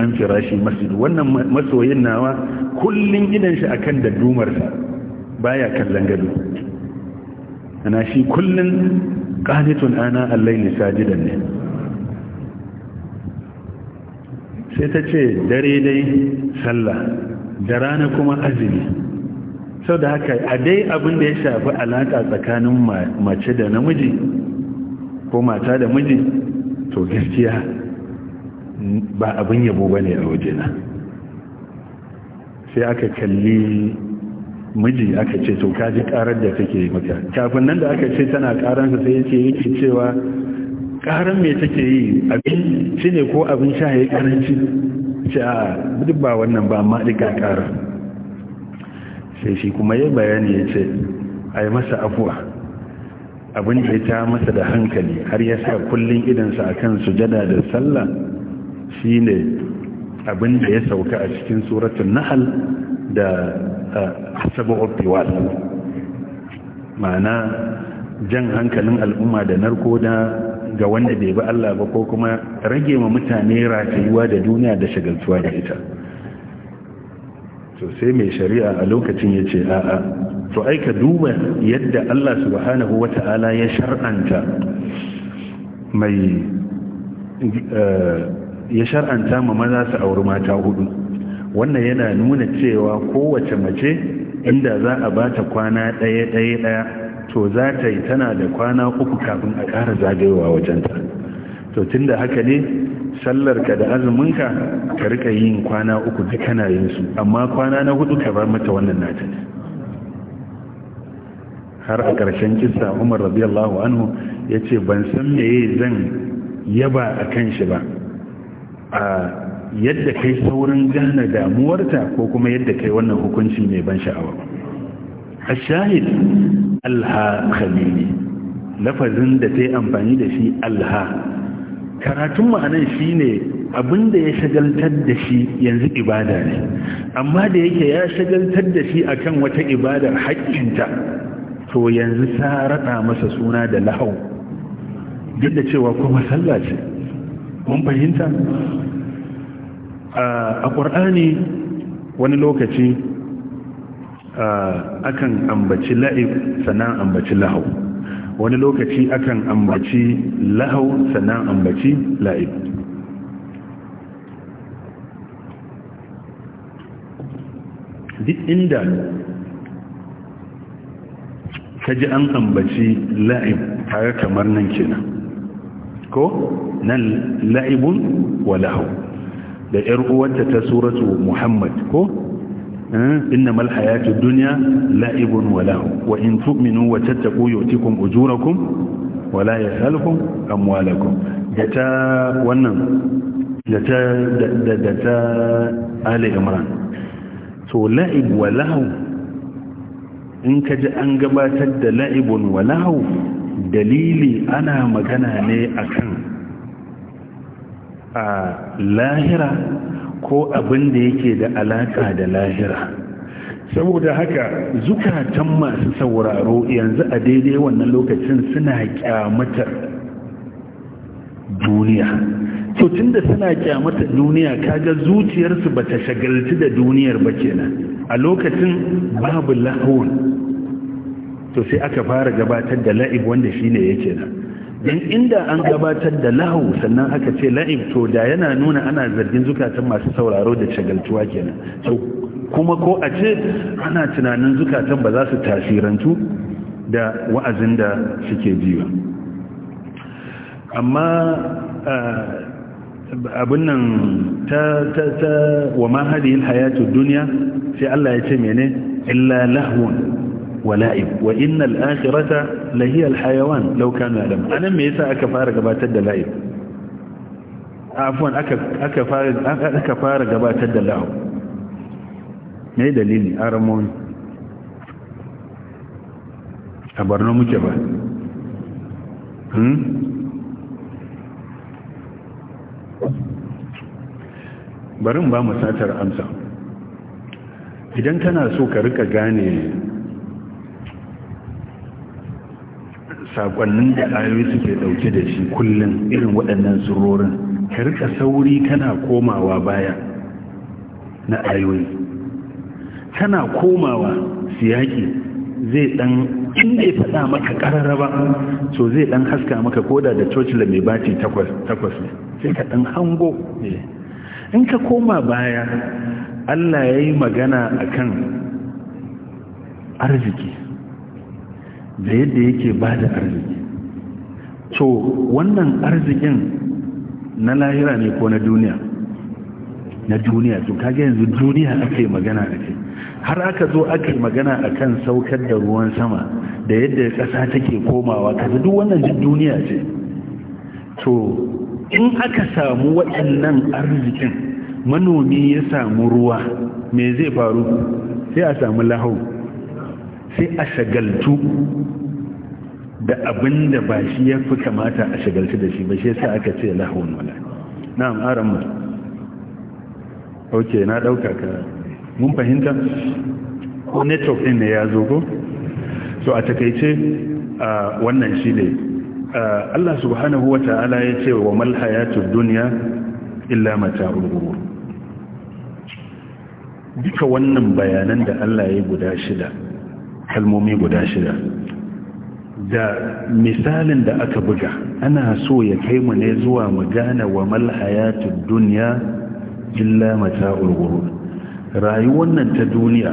[SPEAKER 2] an firashi masjid wannan masoyin nawa kullum gidan shi kan da dumarsa baya kallon gado ana shi kullum ƙanitun ana allai layli sajidan ne sai ta ce dare dai sallah da rana kuma azumi sau da haka a dai abin da ya shafi alaƙa tsakanin mace da namiji ko mata da miji to gaskiya ba abin yabo ba ne a wajena sai aka kalli miji aka ce to kaji karar da take yi maka kafin nan da aka ce tana karansa sai yake yake cewa ƙaran me take yi abin ne ko abin sha ya karanci ce a duk ba wannan ba amma ɗiga karar sai shi kuma ya bayani ya ce a masa afuwa abin da ya ta masa da hankali har ya sa kullum idansa a kan sujada da sallah shi ne abin da ya sauka a cikin suratun nahal da sabu'ar tiwal ma'ana jan hankalin al'umma da narko da ga wanda bai ba Allah ba ko kuma rage ma mutane ratayuwa da duniya da shagaltuwa da ita to sai mai shari'a a lokacin ya ce a'a to ai ka duba yadda Allah subhanahu wa ta'ala ya shar'anta mai eh, ya shar'anta ma maza su auri mata hudu wannan yana nuna cewa kowace mace inda za a bata kwana ɗaya ɗaya ɗaya to za ta yi tana da kwana uku kafin a ƙara zagayowa wajenta to tunda haka ne sallarka da azuminka ka rika yin kwana uku da kana yin su amma kwana na hudu ka bar mata wannan nata har a ƙarshen kissa umar radiyallahu anhu ya ce ban san meye zan yaba a kan shi ba a yadda kai saurin gane damuwarta ko kuma yadda kai wannan hukunci mai ban sha'awa ashahid a shahid alha khalili lafazin da ta yi amfani da shi alha karatun ma'anan shi ne da ya shagaltar da shi yanzu ibada ne amma da yake ya shagaltar da shi akan wata ibadar haƙƙinta to yanzu ta raɗa masa suna da lahau duk da cewa kuma sallah ce mun fahimta a ƙur'ani wani lokaci akan ambaci la'ib sannan ambaci lahau wani lokaci akan ambaci lahau sannan ambaci la'ib duk inda ka ji an ambaci la'ib tare kamar nan kenan ko nan la'ibun wa lahau da 'yar uwarta ta suratu muhammad ko إنما الحياة الدنيا لعب وله وإن تؤمنوا وتتقوا يؤتكم أجوركم ولا يسألكم أموالكم جتا ونم جتا جتا آل إمران so la'ib wa lahu in ka ji an gabatar da la'ibun wa lahu dalili ana magana ne akan a lahira ko abin da yake da alaƙa da lahira saboda haka zukatan masu sauraro yanzu a daidai wannan lokacin suna kyamatar duniya to tunda suna kyamata duniya kaga zuciyarsu bata shagalci da duniyar ba kenan a lokacin babu lahun to sai aka fara gabatar da la'ib wanda shine yake nan don inda an gabatar da lahu sannan aka ce la'ib to da yana nuna ana zargin zukatan masu sauraro da shagaltuwa kenan to kuma ko a ce ana tunanin zukatan ba za su tasirantu da wa'azin da suke ji amma abin nan ta ta ta wa mahadin hayatu duniya sai Allah ya ce mene illa lahun wala'ib wa innal akhirata la hiya al hayawan law kanu alam anan me yasa aka fara gabatar da la'ib afwan aka aka fara gabatar da la'ib me aramon a muke ba barin ba mu satar amsa idan kana so ka rika gane sakonnin da ayoyi suke dauke da shi kullum irin waɗannan surorin ka rika sauri kana komawa baya na ayoyi kana komawa siyaki zai dan da ya faɗa maka ƙararraba so zai dan haska maka koda da cocila mai baci takwas ne sai ka dan hango in ka koma baya Allah ya yi magana akan arziki da yadda yake ba da arziki to wannan arzikin na lahira ne ko na duniya na duniya to kaga yanzu duniya ake magana a ce har aka zo aka magana a kan saukar da ruwan sama da yadda ƙasa take komawa kaza duk wannan duk duniya ce to in aka samu waɗannan arzikin manomi ya samu ruwa me zai faru sai a samu lahau sai a shagaltu da abin da ba shi ya fi kamata a shagaltu da shi ba shi sa aka ce lahon wala na'am aran mu ok na ɗauka ka mun fahimta ko network ɗin ne ya zo ko so a takaice wannan shi ne Allah subhanahu wa ta'ala ya ce wa mal hayatu dunya illa mata'ul ghurur duka wannan bayanan da Allah ya guda shida kalmomi guda shida da misalin da aka buga ana so ya kai mu ne zuwa mu gane wa malhayatud dunya illa mata'ul ghurur rayuwar nan ta duniya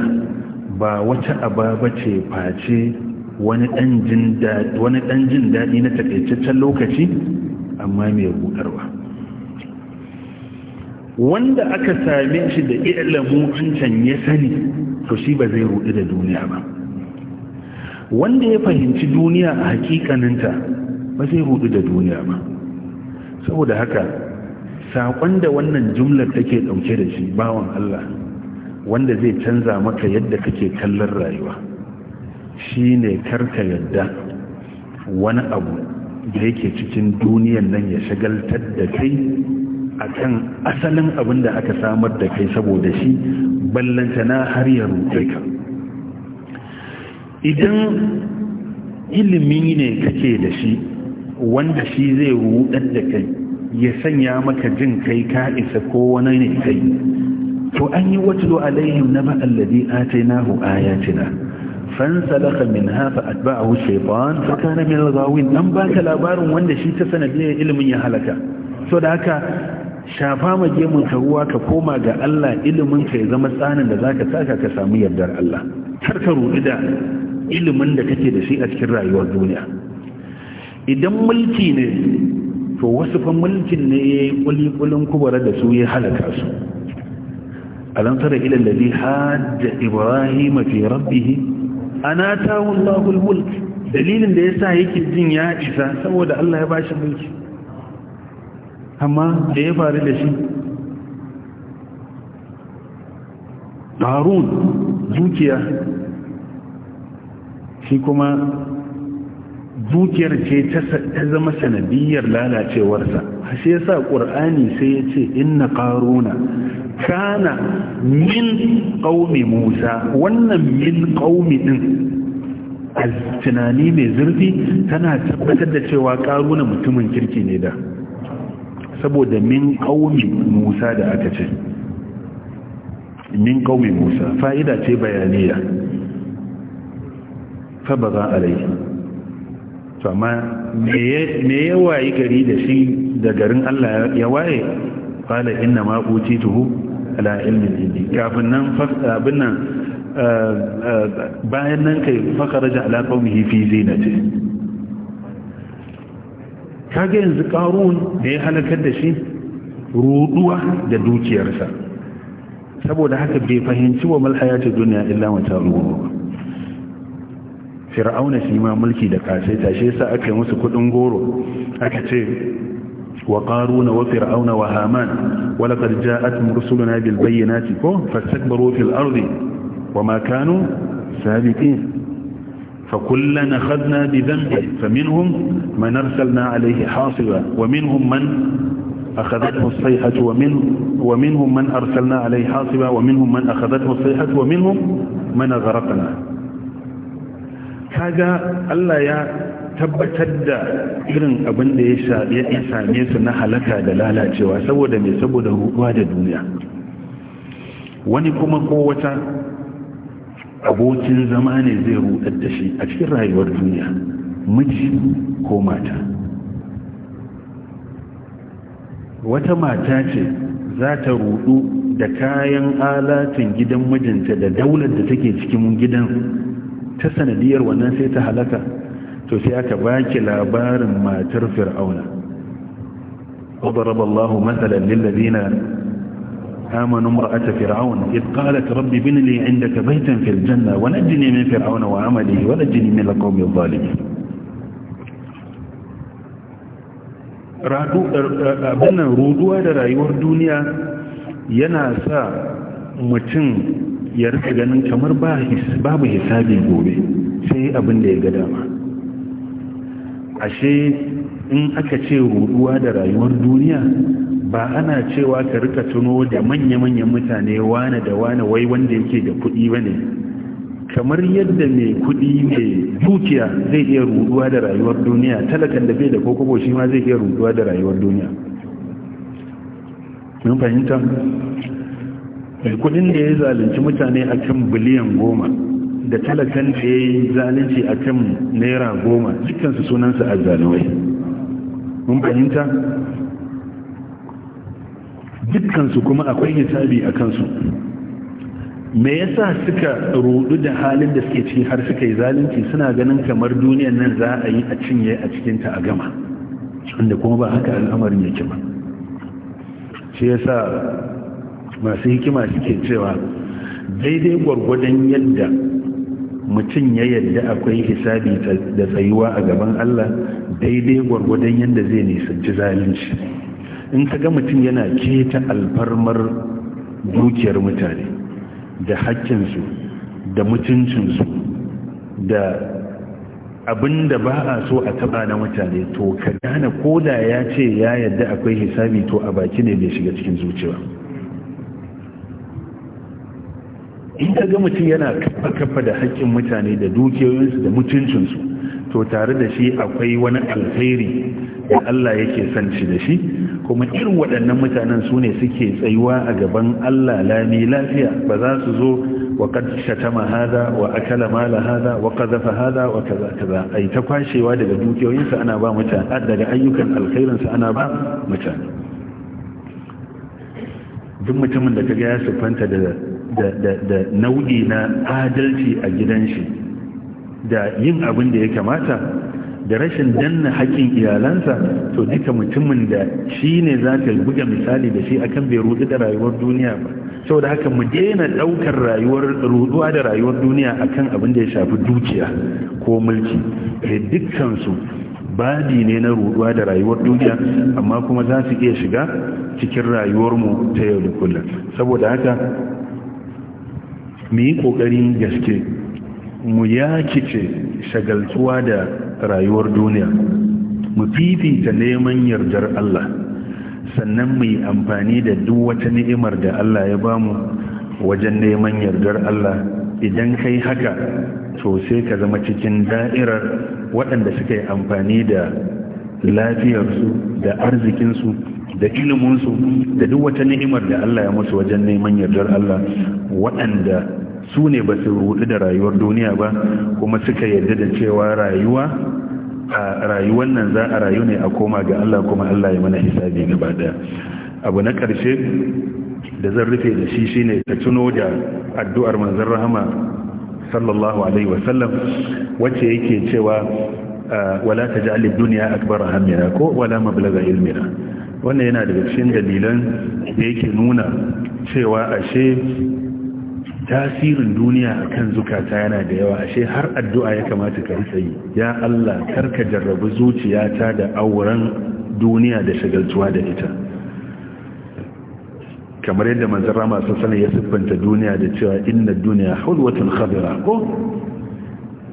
[SPEAKER 2] ba wata ababa ce face wani dan jin daɗi na takaitaccen lokaci amma mai budarwa wanda aka same shi da ilmu an ya sani to shi ba zai ruɗu da duniya ba wanda ya fahimci duniya a hakikaninta ba zai rudu da duniya ba saboda haka saƙon da wannan jumlar take ɗauke da shi bawan Allah wanda zai canza maka yadda kake kallon rayuwa shi ne karka yadda wani abu da yake cikin duniyan nan ya shagaltar da kai a kan asalin abin da aka samar da kai saboda shi ballantana har ya rute ka idan ilimi ne kake da shi wanda shi zai rudar da kai ya sanya maka jin kai ka isa ko wani ne kai to an yi watlo alaihim na ba'alladi nahu ayatina fansalaka min hafa atba'ahu shaytan fa kana min al-ghawin an baka labarin wanda shi ta sanadiyar ilimin ya halaka so da haka shafa ma gemun ka ruwa ka koma ga Allah ilimin ka ya zama tsanin da zaka saka ka samu yardar Allah kar ka rudi da ilimin da kake da shi a cikin rayuwar duniya idan mulki ne to wasu fa mulkin ne ya yi kulikulin kubara da su ya halaka su A tara ila alladhi hajja ibrahim fi ana tahu allahu dalilin da yasa yake jin ya isa saboda Allah ya shi mulki amma da ya faru da shi harun dukiya shi kuma dukiyar ce ta zama sanadiyar lalacewarsa shi yasa ƙur'ani sai ya ce inna qaruna kana
[SPEAKER 3] min
[SPEAKER 2] qaumi musa wannan min qaumi din a tunani mai zurfi tana tabbatar da cewa karuna mutumin kirki ne da saboda min qaumi musa da aka ce min qaumi musa fa'ida ce bayaniya fabaza alaihi to amma me ya wayi gari da shi da garin Allah ya waye qala inna ma utituhu ala ilmin indi kafin nan abin nan eh, eh, bayan nan kai fakaraja ala qaumihi fi zinati kage yanzu qarun da ya halakar da shi ruduwa da dukiyarsa saboda haka bai fahimci wa mal ta dunya illa mata'u fir'auna shi ma mulki da kasaita shi yasa aka yi musu kudin goro aka ce wa qaruna wa fir'auna wa haman wa laqad ja'at mursuluna bil bayyinati ko fastakbaru fil ardi wa ma kanu sabiqin فكلنا أخذنا بذنبه فمنهم من أرسلنا عليه حاصبا ومنهم من أخذته الصيحة ومن ومنهم من أرسلنا عليه حاصبا ومنهم من أخذته الصيحة ومنهم من أغرقنا ga Allah ya tabbatar da irin abin da ya same su na halaka da lalacewa saboda mai saboda ruwa da duniya wani kuma kowata abokin zama ne zai rudar da shi a cikin rayuwar duniya miji ko mata wata mata ce za ta rudu da kayan alatin gidan mijinta da daular da take cikin gidan ta sanadiyar wannan sai ta halaka to sai aka baki labarin matar fir'auna وضرب الله مثلا للذين آمنوا امرأة فرعون إذ قالت رب بن لي عندك بيتا في الجنة ونجني من فرعون وعمله ونجني من القوم الظالمين abin ruduwa da rayuwar duniya yana sa mutum ya rika ganin kamar babu hisabi gobe sai abin da ya ga dama ashe in aka ce ruduwa da rayuwar duniya ba ana cewa ka rika tuno da manya-manyan mutane wane da wane wai wanda yake da kuɗi ba ne kamar yadda mai kuɗi mai dukiya zai iya ruduwa da rayuwar duniya talakan da bai da kokobo shi ma zai iya ruduwa da rayuwar duniya mai kudin da ya zalunci mutane a kan biliyan goma da talakan da ya yi zalunci a kan naira goma cikinsu sunansa a zalawai mun fahimta dukkansu kuma akwai hisabi a kansu me yasa suka rudu da halin da suke ciki har suka yi zalunci suna ganin kamar duniyan nan za a yi a cinye a cikinta a gama wanda kuma ba haka al'amarin yake ba shi yasa masu hikima suke cewa daidai gwargwadon yadda mutum ya yadda akwai hisabi da tsayuwa a gaban Allah daidai gwargwadon yadda zai nisanci zalunci in ka ga mutum yana keta alfarmar dukiyar mutane da haƙƙinsu da mutuncinsu da abin da ba a so a taba na mutane to ka gane ko ya ce ya yadda akwai hisabi to a baki ne bai shiga cikin zuciya in ka ga mutum yana kafa da haƙƙin mutane da dukiyoyinsu da mutuncinsu to tare da shi akwai wani alheri da Allah yake son shi da shi kuma irin waɗannan mutanen su ne suke tsayuwa a gaban Allah lami lafiya ba za su zo wa kad shatama hada wa akala mala hada wa qadafa hada wa kaza kaza ai ta kwashewa daga dukiyoyinsa ana ba mutane daga ayyukan alkhairinsa ana ba mutane duk mutumin da kaga ya siffanta da da nau'i na adalci a gidan shi da yin abin da ya kamata da rashin danna haƙƙin iyalansa to duka mutumin da shi ne za ka buga misali da shi akan bai rudu da rayuwar duniya ba saboda haka mu daina ɗaukar rayuwar ruduwa da rayuwar duniya akan abin da ya shafi dukiya ko mulki da eh, dukkansu badi ne na ruduwa da rayuwar dukiya amma kuma za su iya shiga cikin rayuwarmu ta yau da kullum saboda haka mu yi ƙoƙarin gaske mu yakice shagaltuwa da rayuwar duniya mu fifita neman yardar Allah sannan mu yi amfani da duk wata ni'imar da Allah ya bamu wajen neman yardar Allah idan kai haka to sai ka zama cikin da'irar waɗanda suka yi amfani da lafiyarsu da arzikinsu da iliminsu da duk wata ni'imar da Allah ya musu wajen neman yardar Allah waɗanda su ne ba su rudu da rayuwar duniya ba kuma suka yarda da cewa rayuwa a rayuwar nan za a rayu ne a koma ga Allah kuma Allah ya mana hisabi gaba daya abu na ƙarshe da zan rufe da shi shine ta tuno da addu'ar manzon rahama sallallahu alaihi wasallam wacce yake cewa wala taj'alid dunya akbar hammina ko wala mablagha ilmina wannan yana da cikin dalilan da yake nuna cewa ashe tasirin duniya akan zukata yana da yawa ashe har addu'a ya kamata ka rika yi ya Allah karka jarrabu zuciyata da auren duniya da shagaltuwa da ita kamar yadda manzara masu sun ya siffanta duniya da cewa inna duniya hulwatun khabira ko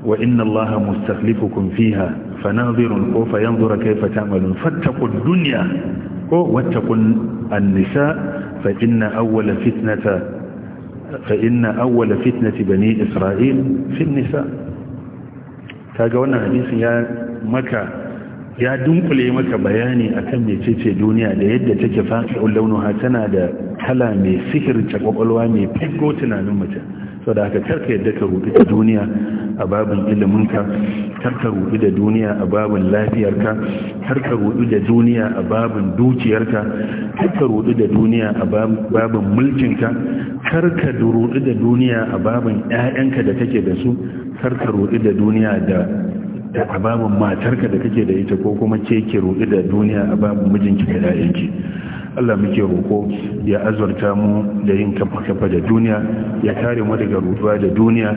[SPEAKER 2] wa inna Allah mustakhlifukum fiha fanazirun ko fayanzura kayfa ta'malun fattaqu dunya ko wattakun annisa fa inna awwala fitnata fa inna awwala fitnati bani isra'il fi nisa kaga wannan hadisin ya maka ya dunkule maka bayani akan mecece duniya da yadda take fa'i'ul launuha tana da kala mai sihir ta kwakwalwa mai figgo tunanin mutum sau da haka karka yadda ka rubi da duniya a babin iliminka karka rubi da duniya a babin lafiyarka karka rubi da duniya a babin dukiyarka karka rubi da duniya a babin mulkinka karka rubi da duniya a babin 'ya'yanka da kake da su karka rubi da duniya da a babin matarka da kake da ita ko kuma ke ki da duniya a babin mijinki da 'ya'yanki Allah muke roko ya azurta mu da yin kafa-kafa da duniya ya kare mu daga rutuwa da duniya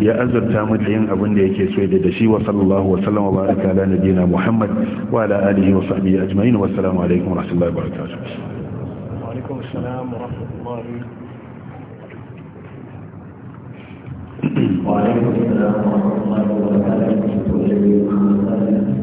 [SPEAKER 2] ya azurta mu da yin abin da yake so da shi wa sallallahu wa sallam wa baraka ala nabiyina Muhammad wa ala alihi wa sahbihi ajma'in wa assalamu alaikum wa rahmatullahi wa barakatuh
[SPEAKER 3] wa alaikum assalam wa rahmatullahi wa barakatuh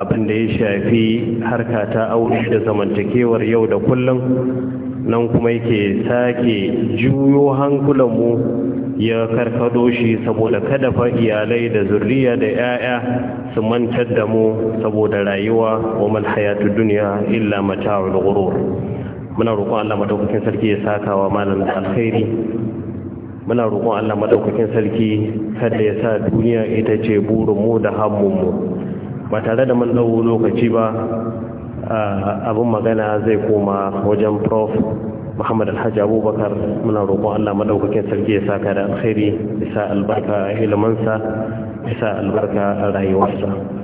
[SPEAKER 1] abin da ya shafi harka ta aure da zamantakewar yau da kullum nan kuma yake sake juyo hankulanmu ya karkado shi saboda kada fa iyalai da zurriya da 'ya'ya su mantar da mu saboda rayuwa wa mal hayatu duniya illa mata'ul ghurur muna roƙon Allah madaukakin sarki ya saka wa malamin alkhairi muna roƙon Allah madaukakin sarki kada ya sa duniya ita ce burin mu da hammun mu ba tare da man ɗau lokaci ba abin magana zai koma wajen prof muhammad alhaji abubakar muna roƙon allah maɗaukakin sarki ya saka da alheri ya sa albarka a ilimansa ya sa albarka a rayuwarsa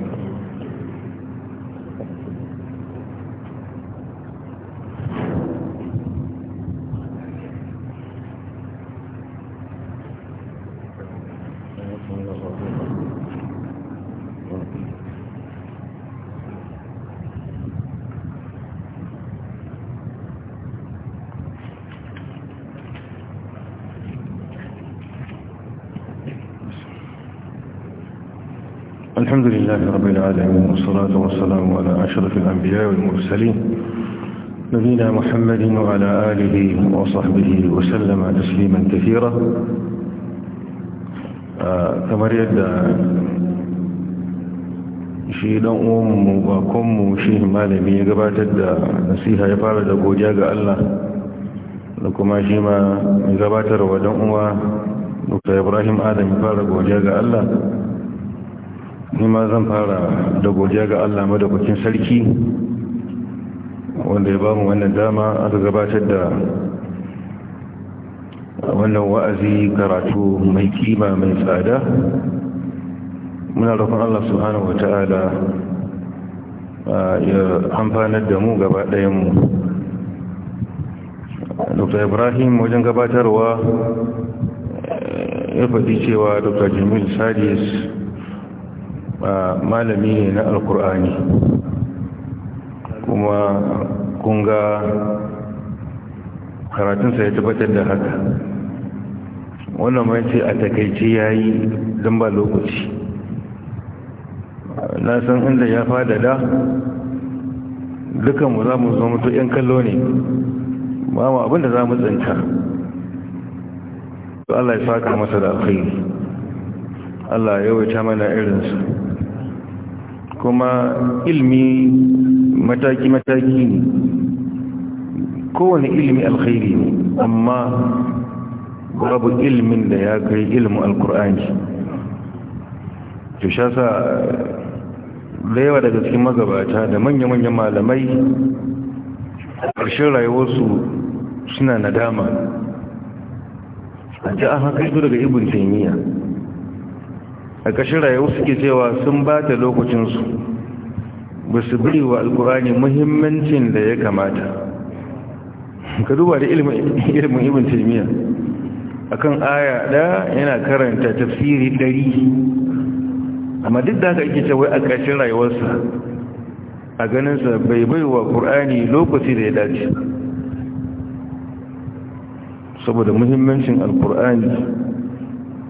[SPEAKER 3] العالمين والصلاة والسلام على أشرف
[SPEAKER 2] الأنبياء والمرسلين نبينا محمد وعلى آله وصحبه وسلم تسليما كثيرا آه، كما ريد شيء لأم وكم وشيء ما لم يقبات نسيها يفعل دقو جاق الله لكما شيء يقبات رواد أم إبراهيم آدم يفعل دقو جاق الله Ni ma zan fara da godiya ga allah madaukakin sarki wanda ya bamu wannan dama aka gabatar da wannan wa'azi karatu mai kima mai tsada muna roƙon allah subhanahu wa ta'ala ya amfanar da mu gaba ɗayanmu dr ibrahim wajen gabatarwa ya faɗi cewa dr jimil sadis malami ne na alkur'ani kuma kunga karatunsa ya tabbatar da haka wannan mai a takaici ya yi don lokaci na san inda ya fadada dukanmu za mu zo mutu 'yan kallo ne ba mu abinda za mu tsinta Allah ya faka masa da alkhairi Allah ya yawaita mana irinsu kuma ilmi mataki-mataki ne kowane ilmi alkhairi ne amma babu ilmin da ya kai ilmu alkur'ani to sha da yawa daga cikin magabata da manya-manyan malamai ƙarshen rayuwarsu suna nadama a ji an haka daga ibin taimiyya a kashin rayuwa suke cewa sun ba ta lokacinsu ba su biri wa alkurani muhimmancin da ya kamata ka duba da ilimin ibn taimiyya akan aya da yana karanta tafsiri dari amma duk da haka ake cewa a ƙashin rayuwarsa a ganinsa bai baiwa ƙur'ani lokaci da ya dace saboda muhimmancin alƙur'ani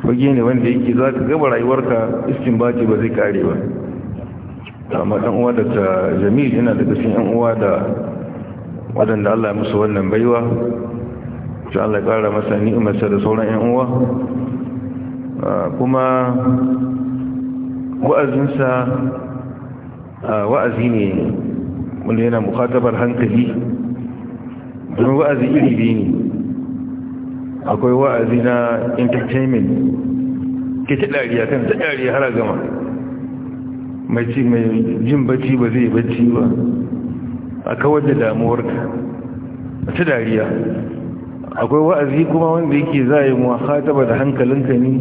[SPEAKER 2] fage ne wanda yake za ka gaba rayuwarka iskin baki ba zai kare ba amma ɗan uwa da ta jamil yana da cikin ɗan uwa da waɗanda Allah ya musu wannan baiwa shi Allah ya ƙara masa ni'imarsa da sauran ɗan uwa kuma wa'azinsa wa'azi ne wanda yana mukatabar hankali domin wa'azi iri biyu ne akwai wa'azi na entertainment ke ta dariya kan ta dariya har gama mai jin bacci ba zai bacci ba a kawar da damuwar ka ta dariya akwai wa'azi kuma wanda yake zai mu yi da hankalinka ne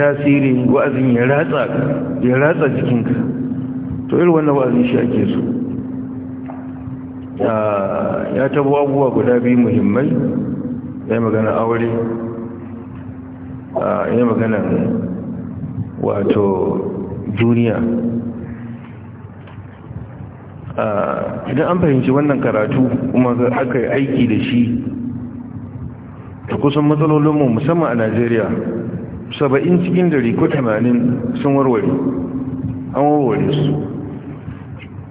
[SPEAKER 2] tasiri wa'azin ya ratsa ya ratsa jikinka to irin wannan wa'azi shi ake so ya tabo abubuwa guda biyu muhimmai ya yi magana aure a ah, yi magana wato duniya ah, idan an fahimci wannan karatu kuma aka yi aiki da shi ta kusan matsalolinmu musamman a najeriya saba'in cikin dari ko tamanin sun warware an warware su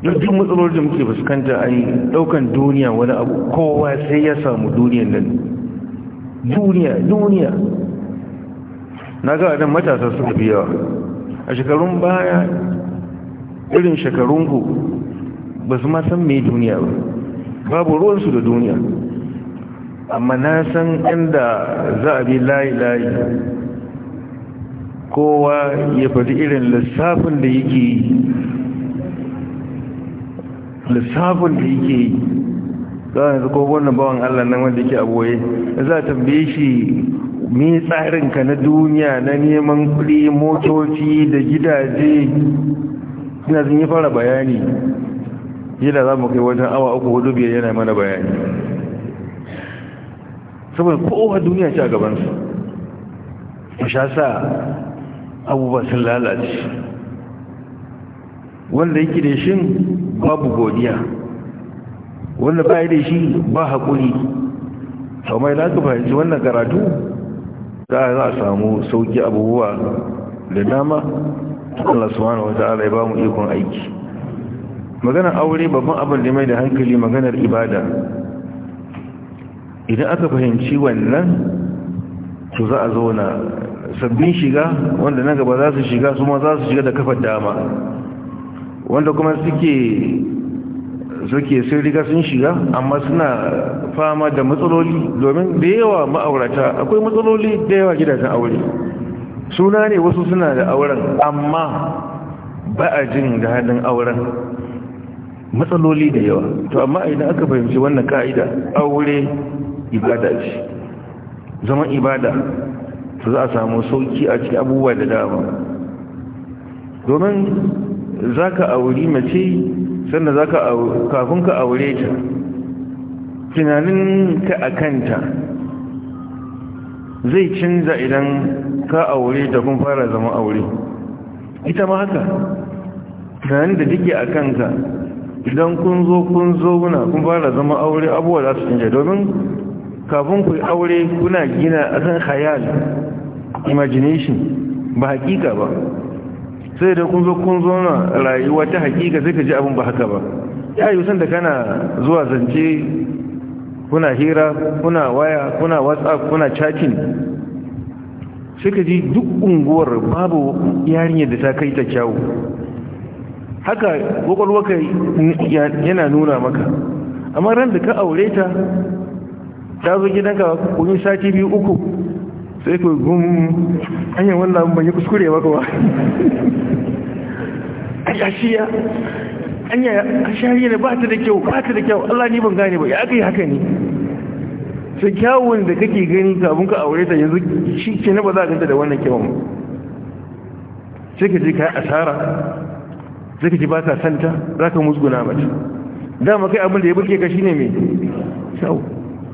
[SPEAKER 2] duk matsalolin da muke fuskanta an ɗaukan duniya wani abu kowa sai ya samu duniyan nan duniya duniya na ga wadannan matasa suka fi yawa a shekarun baya irin shekarun ku ba su ma san mai duniya ba babu ruwansu da duniya amma na san inda za a bi layi-layi kowa ya faɗi irin lissafin da yake lissafin da yake yi za a yanzu ko bawan allah nan wanda yake aboye za a tambaye shi me tsarinka na duniya na neman kuɗi motoci da gidaje ina zan yi fara bayani yana za mu kai wajen awa uku hudu biyar yana mana bayani saboda kowa duniya ce a gabansu sha sa abubuwa sun lalace wanda yake da shin babu godiya wanda ba da shi ba haƙuri sau mai za ka fahimci wannan karatu za a samu sauƙi abubuwa da dama Allah subhanahu wata ta'ala ya ba mu ikon aiki maganar aure babban abin da mai da hankali maganar ibada idan aka fahimci wannan to za a zauna sabbin shiga wanda na gaba za su shiga su ma za su shiga da kafa dama wanda kuma suke suke sun riga sun shiga amma suna fama da matsaloli domin da yawa ma'aurata akwai matsaloli da yawa gidajen aure suna ne wasu suna da auren amma ba jin da hannun auren matsaloli da yawa to amma idan aka fahimci wannan ka'ida aure ibada ce zaman ibada to za a samu sauki a cikin abubuwa da dama domin za ka auri mace sannan za ka kafin ka aure ta tunaninka a kanta zai canza idan ka aure da kun fara zama aure ita ma haka tunanin da take a kanka idan kun zo kun zo guna kun fara zama aure abuwa za su canja domin kafin ku aure kuna gina akan hayal imagination ba hakika ba sai da kun zo kun zo na rayuwa ta hakika sai ka ji abin ba haka ba ya yi da kana zuwa zance kuna hira kuna waya kuna whatsapp kuna chatting sai ka ji duk unguwar babu yarinyar da ta kai ta kyawu haka kwakwalwaka yana nuna maka amma ran da ka aure ta ta zo gidanka kun sati biyu uku sai ku gum hanyar wannan ban yi kuskure maka ba a shashiya anya a ne ba ta da kyau ba ta da kyau Allah ni ban gane ba ya aka yi haka ne sai kyawun da kake gani kafin ka aure ta yanzu shi ke na ba za a ganta da wannan kyawun sai ka je ka yi asara sai ka ji ba ka santa za ka musguna mace dama kai abin da ya burke ka shine mai kyau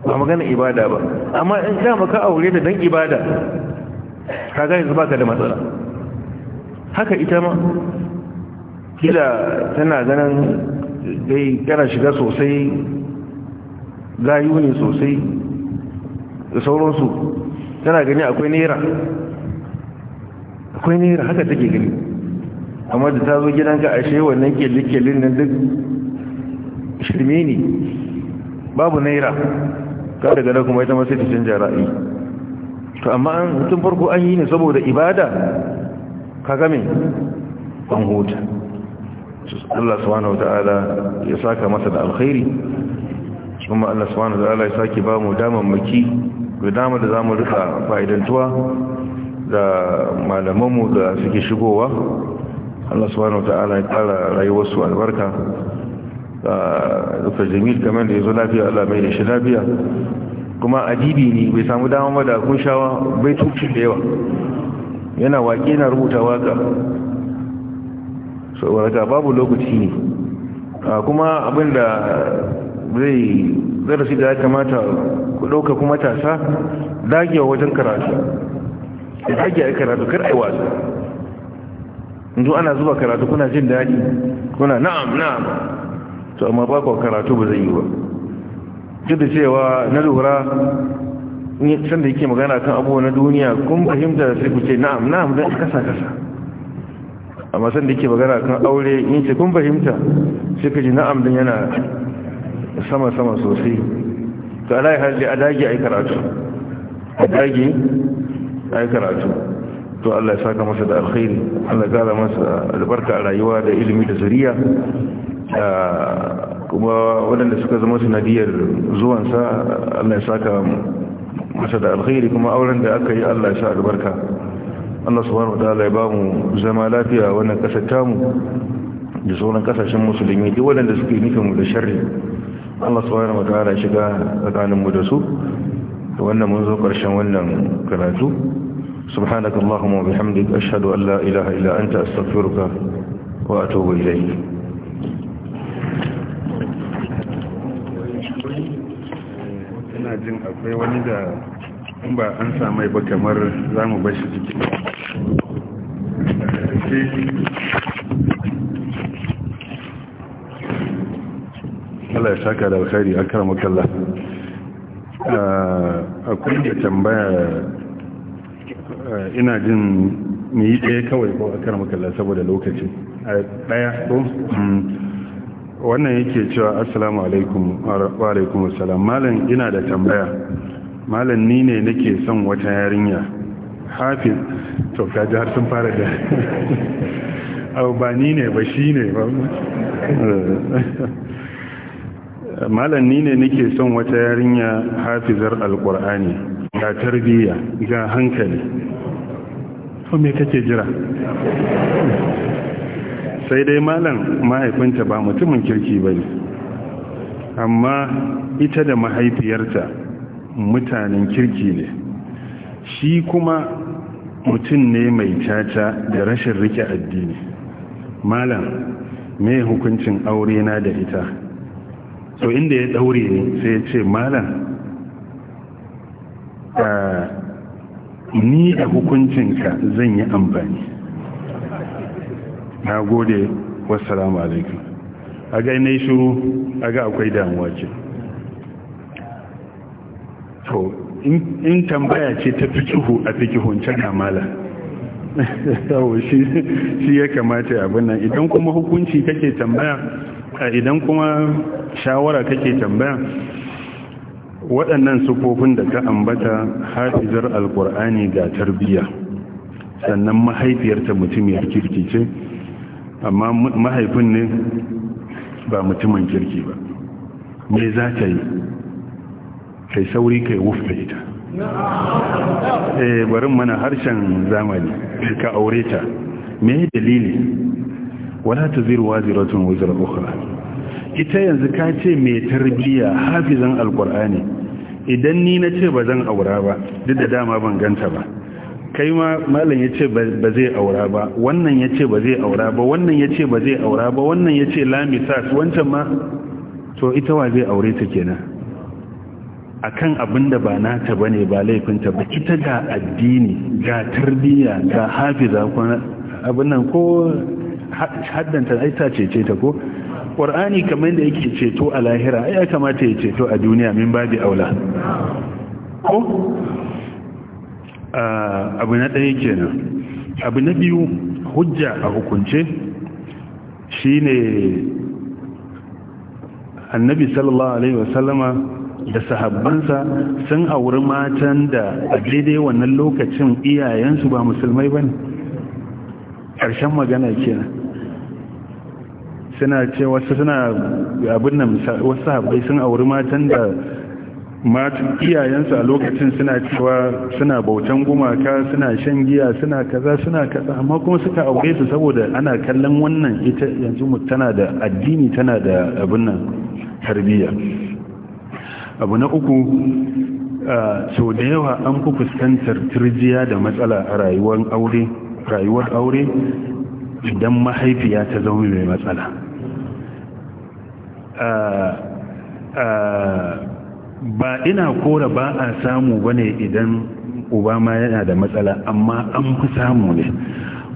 [SPEAKER 2] ba magana ibada ba amma in dama ka aure ta don ibada ka gani su ka da matsala haka ita ma kila tana ganin dai kana shiga sosai gayu ne sosai da sauransu tana gani akwai naira akwai naira haka take gani amma da ta zo gidanka ashe wannan kyalli-kyallin nan duk shirme ne babu naira ka daga na kuma ita masu ta canja ra'ayi to amma an tun farko an yi ne saboda ibada ka game an huta Allah subhanahu wata'ala ya saka masa da alkhairi kuma Allah subhanahu wata'ala ya saki ba mu damammaki da dama da zamu rika fa'idantuwa da malamanmu da suke shigowa Allah subhanahu wata'ala ya kara rayuwar su albarka ah, dukkan Jamil kamar da ya zo lafiya Allah mai da shi lafiya kuma ajibi ne bai samu dama da kun shawa bai tuki da yawa yana waƙe na rubuta waka saboda babu lokaci ne kuma abinda zai zarafi da ya kamata ku ɗauka kuma tasa dagewa wajen karatu da dagewa karatu kar ai wasa inda ana zuba karatu kuna jin daɗi kuna na'am na'am to amma ba karatu ba zai yi ba duk da cewa na lura san da yake magana kan abubuwa na duniya kun fahimta sai ku ce na'am na'am don kasa kasa amma san da ke magana kan aure in ce kun fahimta sai ka ji na'am din yana sama-sama sosai to ala halli a dage a karatu a dage a karatu to Allah ya saka masa da alkhairi Allah ya gara masa albarka a rayuwa da ilimi da zuriya kuma waɗanda suka zama sanadiyar zuwansa Allah ya saka masa da alkhairi kuma auren da aka yi Allah ya sa albarka Allah subhanahu wataala ya ba mu zama lafiya wannan kasar tamu da sauran kasashen musulmi duk waɗanda suke nufin mu da sharri Allah subhanahu wataala ya shiga tsakanin mu da su da wannan mun zo ƙarshen wannan karatu subhanaka allahumma wa bihamdika ashhadu an la ilaha illa anta astaghfiruka wa atubu ilayk ina jin akwai wani da in ba an samai ba kamar za mu bashi ciki Allah ya saka da alkhairi a karamakalla ah, akwai da tambaya ah, ina jin ni yi ɗaya kawai ko a karamakalla saboda lokaci a ah, ɗaya ko hmm. wannan yake cewa assalamu alaikum wa alaikum assalam malam ina da tambaya malam ni ne nake son wata yarinya hafiz to kaji har sun fara da abu ba ni ne ba shi ne ba malam ni ne nake son wata yarinya hafizar alkur'ani ga tarbiyya ga hankali to me kake jira sai dai malam mahaifinta ba mutumin kirki ba ne amma ita da mahaifiyarta mutanen kirki ne shi kuma mutum ne mai caca da rashin rike addini malam mai hukuncin aure na da ita so inda ya daure ne sai ya ce malam ni da hukuncinka zan yi amfani na gode wasu alaikum a ga yi shuru a ga akwai damuwa ce to in tambaya ce ta fikihu a fikihunce can amala shi ya kamata abin nan idan kuma hukunci kake tambaya idan kuma shawara kake tambaya waɗannan sufofin da ka ambata hafizar alkur'ani ga tarbiyya sannan mahaifiyarta ya kirki ce amma mahaifin ne ba mutumin kirki ba me za ta yi kai sauri kai wufta ita e eh, barin mana harshen zamani ka aure ta me dalili wala taziru waziratun wazira ukhra ita yanzu ka ce mai tarbiya hafizan ne idan ni na ce ba zan aura ba duk da dama ban ganta ba kai ma malam ya ce ba zai aura ba wannan ya ce ba zai aura ba wannan ya ce ba zai aura ba wannan ya ce lamisa wancan ma to ita wa zai aure ta kenan akan abin da ba nata bane ba laifinta ba ta ga addini ga tarbiyya ga hafiza ko abin nan ko haddanta ai ta cece ta ko qur'ani kamar da yake ceto a lahira ai ya kamata ya ceto a duniya min babi aula ko ah, abu na ɗaya kenan abu na biyu hujja a hukunce shine annabi sallallahu alaihi wasallama da sahabbansa sun auri matan da a daidai wannan lokacin iyayensu ba musulmai ba ne ƙarshen magana kenan suna ce wasu suna abin nan wasu sahabbai sun auri matan da matan iyayensu a lokacin suna cewa suna bautan gumaka suna shan giya suna kaza suna kaza amma kuma suka aure su saboda ana kallon wannan ita yanzu tana da addini tana da abin nan tarbiyya abu na uku sau da yawa an fi fuskantar turjiya da matsala a rayuwar aure rayuwar aure idan mahaifiya ta zaune mai matsala ba ina kora ba a samu bane idan uba ma yana da matsala amma an fi samu ne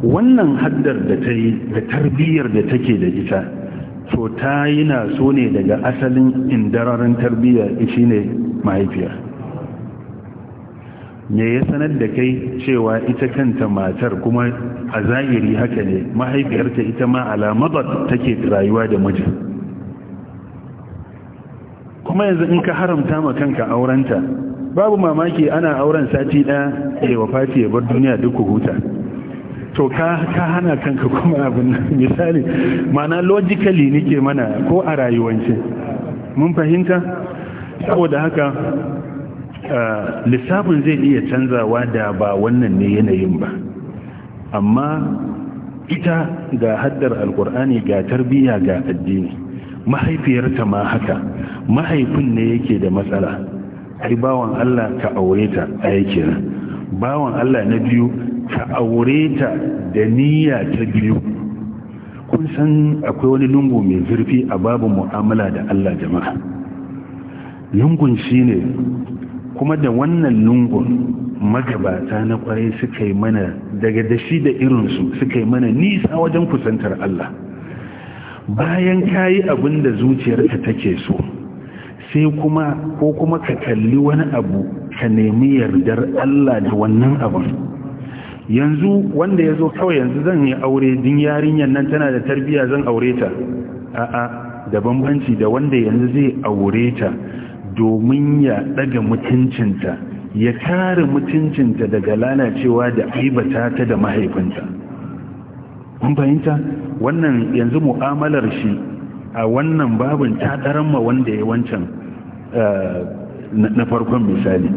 [SPEAKER 2] wannan haddar da ta yi da tarbiyyar da take da ita so ta yi na so ne daga asalin indararin tarbiyya shi ne mahaifiya me ya sanar da kai cewa ita kanta matar kuma a zahiri haka ne mahaifiyarta ita ma alamabar take rayuwa da mijin kuma yanzu in ka haramta ma kanka aurenta babu mamaki ana auren sati ɗaya ya Fati ya bar duniya duk huta to ka hana kanka kuma abin misali mana logically nike mana ko a rayuwanci, mun fahimta saboda haka eh, lissafin zai iya canzawa da ba wannan ne yanayin ba amma ita ga haddar alkur'ani ga tarbiyya ga addini mahaifiyarta ma haka mahaifin ne yake da matsala ai bawan Allah ka aure ta a yake bawan Allah na biyu ka aure ta da niyya ta biyu kun san akwai wani lungu mai zurfi a babu mu'amala da Allah jama'a lungun shine kuma da wannan lungun magabata na kwarai suka yi mana daga dashi da irin su suka yi mana nisa wajen kusantar Allah bayan kayi yi abin da zuciyarka take so sai kuma ko kuma ka kalli wani abu ka nemi yardar Allah da wannan abin yanzu wanda ya zo kawai yanzu zan yi aure din yarinyar nan tana da tarbiyya zan aure ta a'a da bambanci da wanda yanzu zai aure ta domin ya daga mutuncinta ya kare mutuncinta daga lalacewa da aibata ta da mahaifinta kun fahimta wannan yanzu mu'amalar shi a wannan babin ta ma wanda ya wancan eh, na farkon misali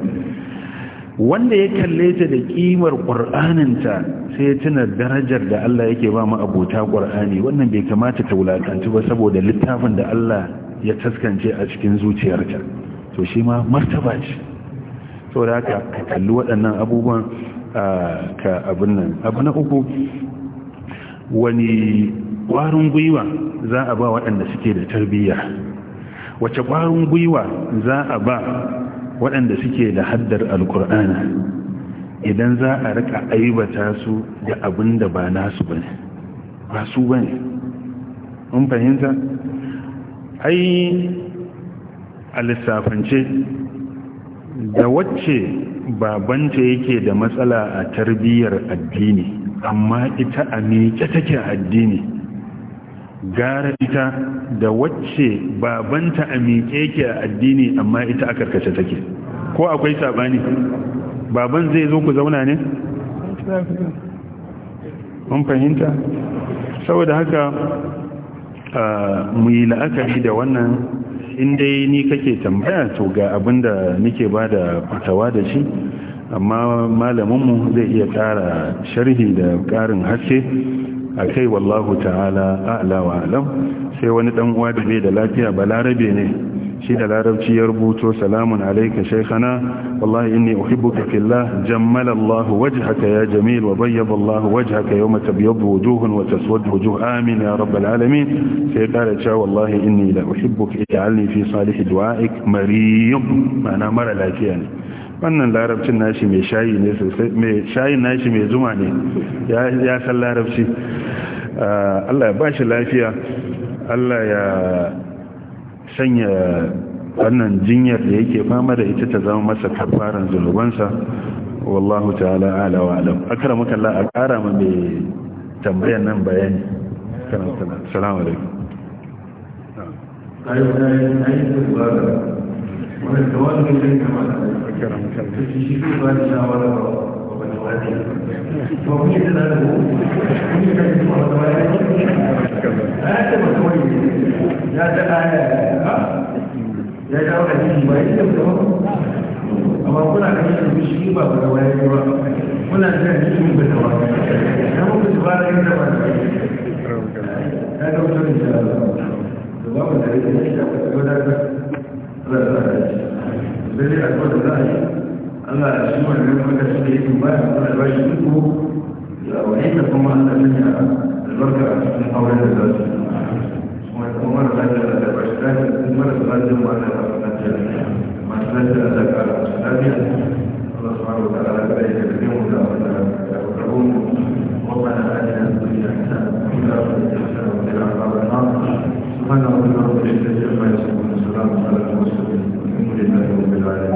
[SPEAKER 2] wanda ya kalle ta da kimar ƙur'aninta sai ya tuna darajar da Allah yake ba mu abota ƙur'ani wannan bai kamata ta wulakanci ba saboda littafin da Allah ya taskance a cikin zuciyarta to shi ma martaba ce da haka ka kalli waɗannan abubuwan ka abin nan abu na uku wani ƙwarin gwiwa za a ba waɗanda suke da tarbiyya wace ƙwarin gwiwa za a ba waɗanda suke da haddar alkur'ana idan za a rika aibata su da abin da ba nasu ba ba su ba ne mun fahimta ai a lissafance da wacce babanta yake da matsala a tarbiyyar addini amma ita a mece take addini gara ita da wacce babanta a miƙe ke a addini amma ita a karkace take ko akwai sabani baban zai zo ku zauna ne? mun fahimta saboda haka mu yi la'akari da wannan dai ni kake tambaya to ga abin da nike ba da fatawa da shi amma malaminmu zai iya ƙara sharhi da ƙarin haske a kai wallahu ta'ala a'la wa alam sai wani dan uwa da bai da lafiya balarabe ne shi da larabci ya rubuto salamun alayka shaykhana wallahi inni uhibbuka fillah jammala Allah wajhaka ya jamil wa bayyada Allah wajhaka yawma tabyadu wujuhun wa wujuh amin ya rabbal alamin sai kare cewa wallahi inni la uhibbuka ij'alni fi salih du'aik mariyum ma'ana mara lafiya ne wannan larabcin nashi mai shayi ne sosai mai shayin nashi mai zuma ne ya san larabci ah, Allah ya bashi lafiya Allah ya sanya wannan jinyar da yake fama da ita ta zama masa karfaran zunubansa wallahu ta'ala ala wa alam muka Allah a kara ma mai tambayan nan bayani assalamu alaikum wanda da wani mai zai kama da shi shi ba da shawara ba wani wani ba kuma yadda na da kuma yadda na da kuma wata wani ya ce masu wani ya ta aya ya ta wani jiki ta yadda da ta amma kuna kan yi shi ba ba wani ba kuna jiran jiki ba da wani ya mutu ba da
[SPEAKER 3] yadda ba ya ta mutum da ba mu da yadda ya ta wani Allah ya sa shi sai da za a yi
[SPEAKER 2] Allah ya shi wannan wanda suke yi ba ya ba shi ya wani ta kuma Allah ya albarka a cikin da za su kuma kuma mara lafiya da ba shi kuma mara lafiya ba da ba masu lafiya da lafiya
[SPEAKER 3] Allah ya mu da da وسلم وسلم الحمد لله رب العالمين